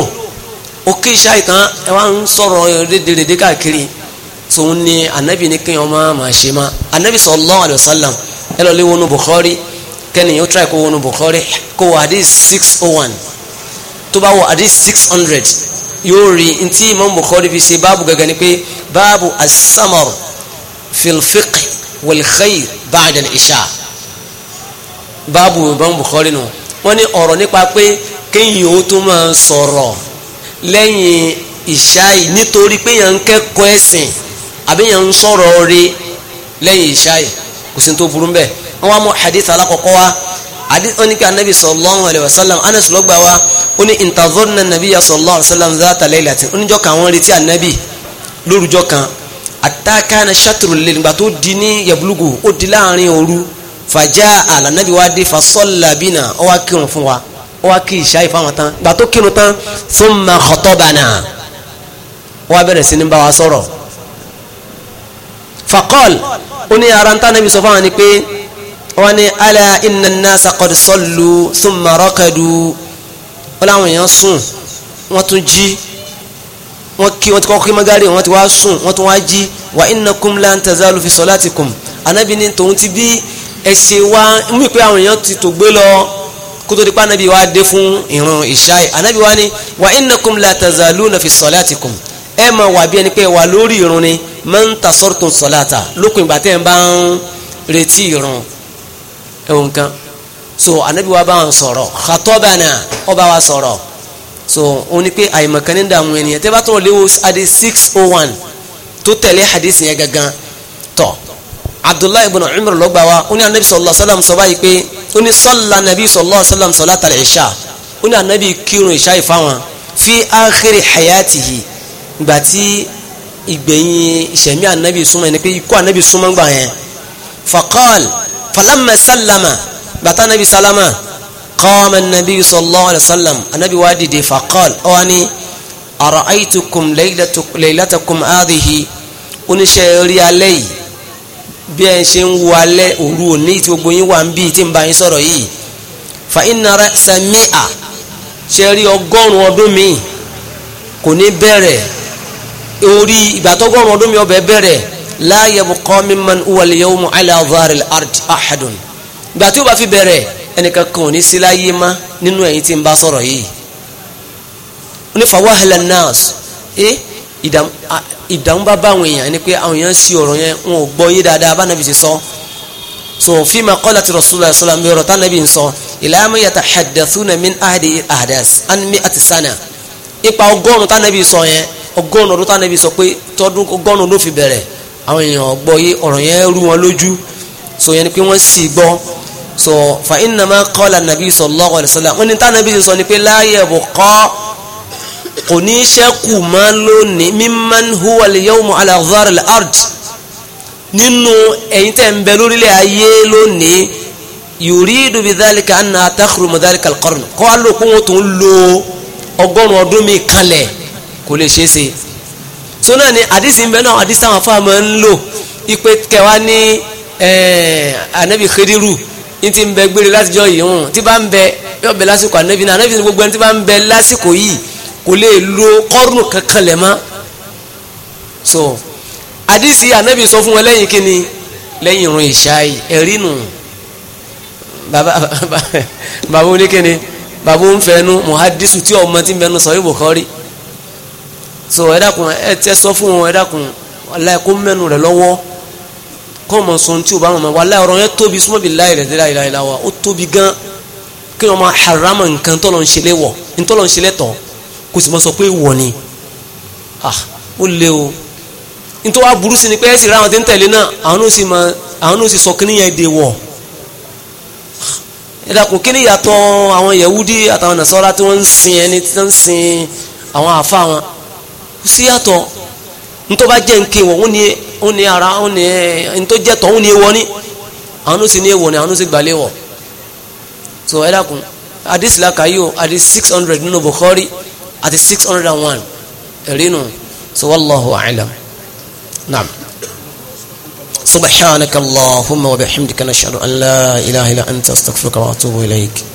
ó kí ìṣáì ẹ wá ń sọ̀rọ̀ rédèrèdè káàkiri tòun ni ànábì ní kí wọ́n má má ṣe má ànábì sallallahu alaihi wasallam ẹ lọ lé wọnú Bukhari kẹ́niyàn ó try kó wọnú Bukhari kó wọ hadith six oh one tó bá wọ hadith six hundred yóò rí ntí Imam Bukhari fi ṣe báàbù gẹ́gẹ́ ni pé báàbù as-samar fil fiqh wal khayr ba'da al-isha báàbù Imam Bukhari nù wọ́n ní ọ̀rọ̀ nípa pé kéèyàn ó tún máa sọ̀rọ̀ lẹ́yìn ìṣáì nítorí pé yàn ń kẹ́kọ̀ọ́ ẹ̀sìn àbí yàn ń sọ̀rọ̀ rí lẹ́yìn ìṣáì kò sí tó burú bẹ́ẹ̀ wọ́n wá mú hadith alákọ̀ọ́kọ́ wa hadith wọn ni pé anabi sallallahu alayhi wa sallam anas ló gbà wá ó ní intazorna nabiya sallallahu alayhi wa sallam zata laylatin oníjọ́ kan wọ́n retí anabi lórújọ́ kan àtàkàna ṣàtúrò lè nígbà tó di ní yabulugu ó di láàrin òru fàjà àlànàbí wa dé fasọ́là bínà ó wá kírun fún wa ó wá kí ìṣá ìfáwọn tán gbà kírun tán thumma khatabana ó wá bẹ̀rẹ̀ sí ní bá wa sọ̀rọ̀ faqal ó ní ara ń tán níbi sọ fún wa ni pé wọ́n ní ala inna an-nasa qad sallu thumma rakadu wọ́n láwọn èèyàn sùn wọ́n tún jí wọ́n kí wọ́n ti kọ́kọ́ kí magari wọ́n ti wá sùn wọ́n tún wá jí wa innakum lan tazalu fi salatikum anabi ní tòun ti bí ẹsẹ̀ wa mú pé àwọn èèyàn ti tògbé lọ kótó dípá anabi wa dé fún ìrun ìṣáì anabi wa ní wa innakum la tazaluna fi salatikum ẹ máa wà bí ẹni pé wà lórí irun ni máa ń ta sọ́ọ̀tún sọ́láta lókun ìgbà tẹ́ ẹ bá ń retí irun ẹ̀wọ̀n kan so anabi wa bá wọn sọ̀rọ̀ khatọ́bànà ọba wa sọ̀rọ̀ so ó ní pé àyèmọ̀kan ní dààmú ènìyàn tẹ́ bá tó léwu adi six oh one tó tẹ̀lé hadith yẹn gangan tọ̀ abdullahi ibn umar ló gbà wá ó ní anabi sallallahu alaihi wasallam sọ báyìí pé ó ní salla anabi sallallahu alaihi wasallam salatal isha ó ní anabi kírun ìṣá ìfáwọn fi akhiri hayatihi ìgbà tí ìgbẹ̀yìn ìṣẹ̀mí ànábì súnmọ́ ẹni pé ikú ànábì súnmọ́ gbà yẹn faqal falamma sálàmà bàtà ànábì sálàmà qama ànábì sallallahu alaihi wasallam ànábì wá dìde faqal ọwọ́ ni ara'aytukum laylatakum hadhihi oníṣẹ́ rí alẹ́ yìí bí ẹ ṣe ń wo alẹ́ òru òní tí gbogbo yín wà ń bí tí ń bá yín sọ̀rọ̀ yìí fa inna ṣe rí ọgọ́rùn-ún ọdún mi kò ní bẹ̀rẹ̀ orí ìgbà tọ́gọ́rùn ọdún mi ọbẹ̀ bẹ̀rẹ̀ la yabqa mimman huwal yawma ala dharil ard ahadun ìgbà tí ó bá fi bẹ̀rẹ̀ ẹnìkan kan ò ní sí láyé má nínú ẹ̀yin tí ń bá sọ̀rọ̀ yìí onífà wàhálà nas ẹ ìdààmú bá bá àwọn èèyàn ni pé àwọn èèyàn sí ọ̀rọ̀ yẹn wọn ò gbọ́ yé dáadáa bá nàbì ti sọ so fíìmà kọ́lá ti rasulullah sallam ọgọ́rùn ọdún tánàbí sọ pé tọdún ọgọ́rùn ló fi bẹ̀rẹ̀ àwọn èèyàn gbọ́ yé ọ̀rọ̀ yẹn rú wọn lójú so yẹn ni pé wọ́n sì gbọ́ so fa innama qala nàbí sallallahu alaihi wasallam wọ́n ní tánàbí sọ ni pé láàyè bò kọ́ kò ní ṣẹ́kù mọ́ lónìí mimman huwa al-yawma ala dhar al-ard nínú ẹ̀yin tẹ̀ ń bẹ lórílẹ̀ ayé lónìí yuridu bi dhalika anna takhrumu dhalika al-qarn kọ́ àlòkù wọn tó ń lo ọgọ́rùn ọdún mi kalẹ̀ kò lè ṣeé ṣe so náà ni àdìsí ń bẹ náà àdìsí àwọn afáàmọ ń lò ipe kẹwàá ní anabi kediru ní ti ń bẹ gbére látijọ́ yìí hàn tí bá ń bẹ yóò bẹ lásìkò anabi náà anabi ní gbogbo ẹni tí bá ń bẹ lásìkò yìí kò lè lo kọ́rùnù kankan lẹ̀ mọ́ so àdìsí anabi sọ fún wọn lẹ́yìn kíni lẹ́yìn irun ìṣáì ẹ̀rí nù bàbá bàbá oníkíni bàbá ń fẹnu muhadisu tí ọmọ ti ń bẹnu sọ ìbùkọ́rí. So, so ẹ dákun ẹ tẹ sọ fún wọn ẹ dákun wàláhì kó mẹ́nu rẹ̀ lọ́wọ́ kọ́ mọ̀ sọ tí o bá wọn mọ̀ wàláhì ọ̀rọ̀ yẹn tóbi súnmọ́ bí láì rẹ̀ délá ìlà wa ó tóbi gan kí wọn máa harama nǹkan tọ́lọ̀ ń ṣẹlẹ̀ wọ̀ ntọ́lọ̀ ń ṣẹlẹ̀ tọ̀ kò sì mọ̀ sọ pé wọ̀ ni ah, ó lé o nítorí wàá burú sí ni pé ẹ ra àwọn tí ń tẹ̀lé náà àwọn náà sì sọ kíní yẹn dé wọ̀ ẹ dákun kíní yàtọ̀ àwọn Yahudi àtàwọn Nasara tí wọ́n ń sin ẹni tí wọ́n ń sin àwọn àfa wọn kò sí yàtọ̀ nítorí bá jẹ́ nǹkan ìwọ̀ ó ní ara ó ní eh, nítorí jẹ́ tọ̀ ó ní ewọ́ ní àánú sí ní ewọ̀ ní àánú sí gbàlẹ́ wọ̀ so ẹ dákun hadith la kàyí o hadith six hundred nínú Bukhari àti six hundred and one ẹ̀rí nù so wallahu a'lam naam subhanaka allahumma wa bihamdika nashhadu an la ilaha illa anta astaghfiruka wa atubu ilayk.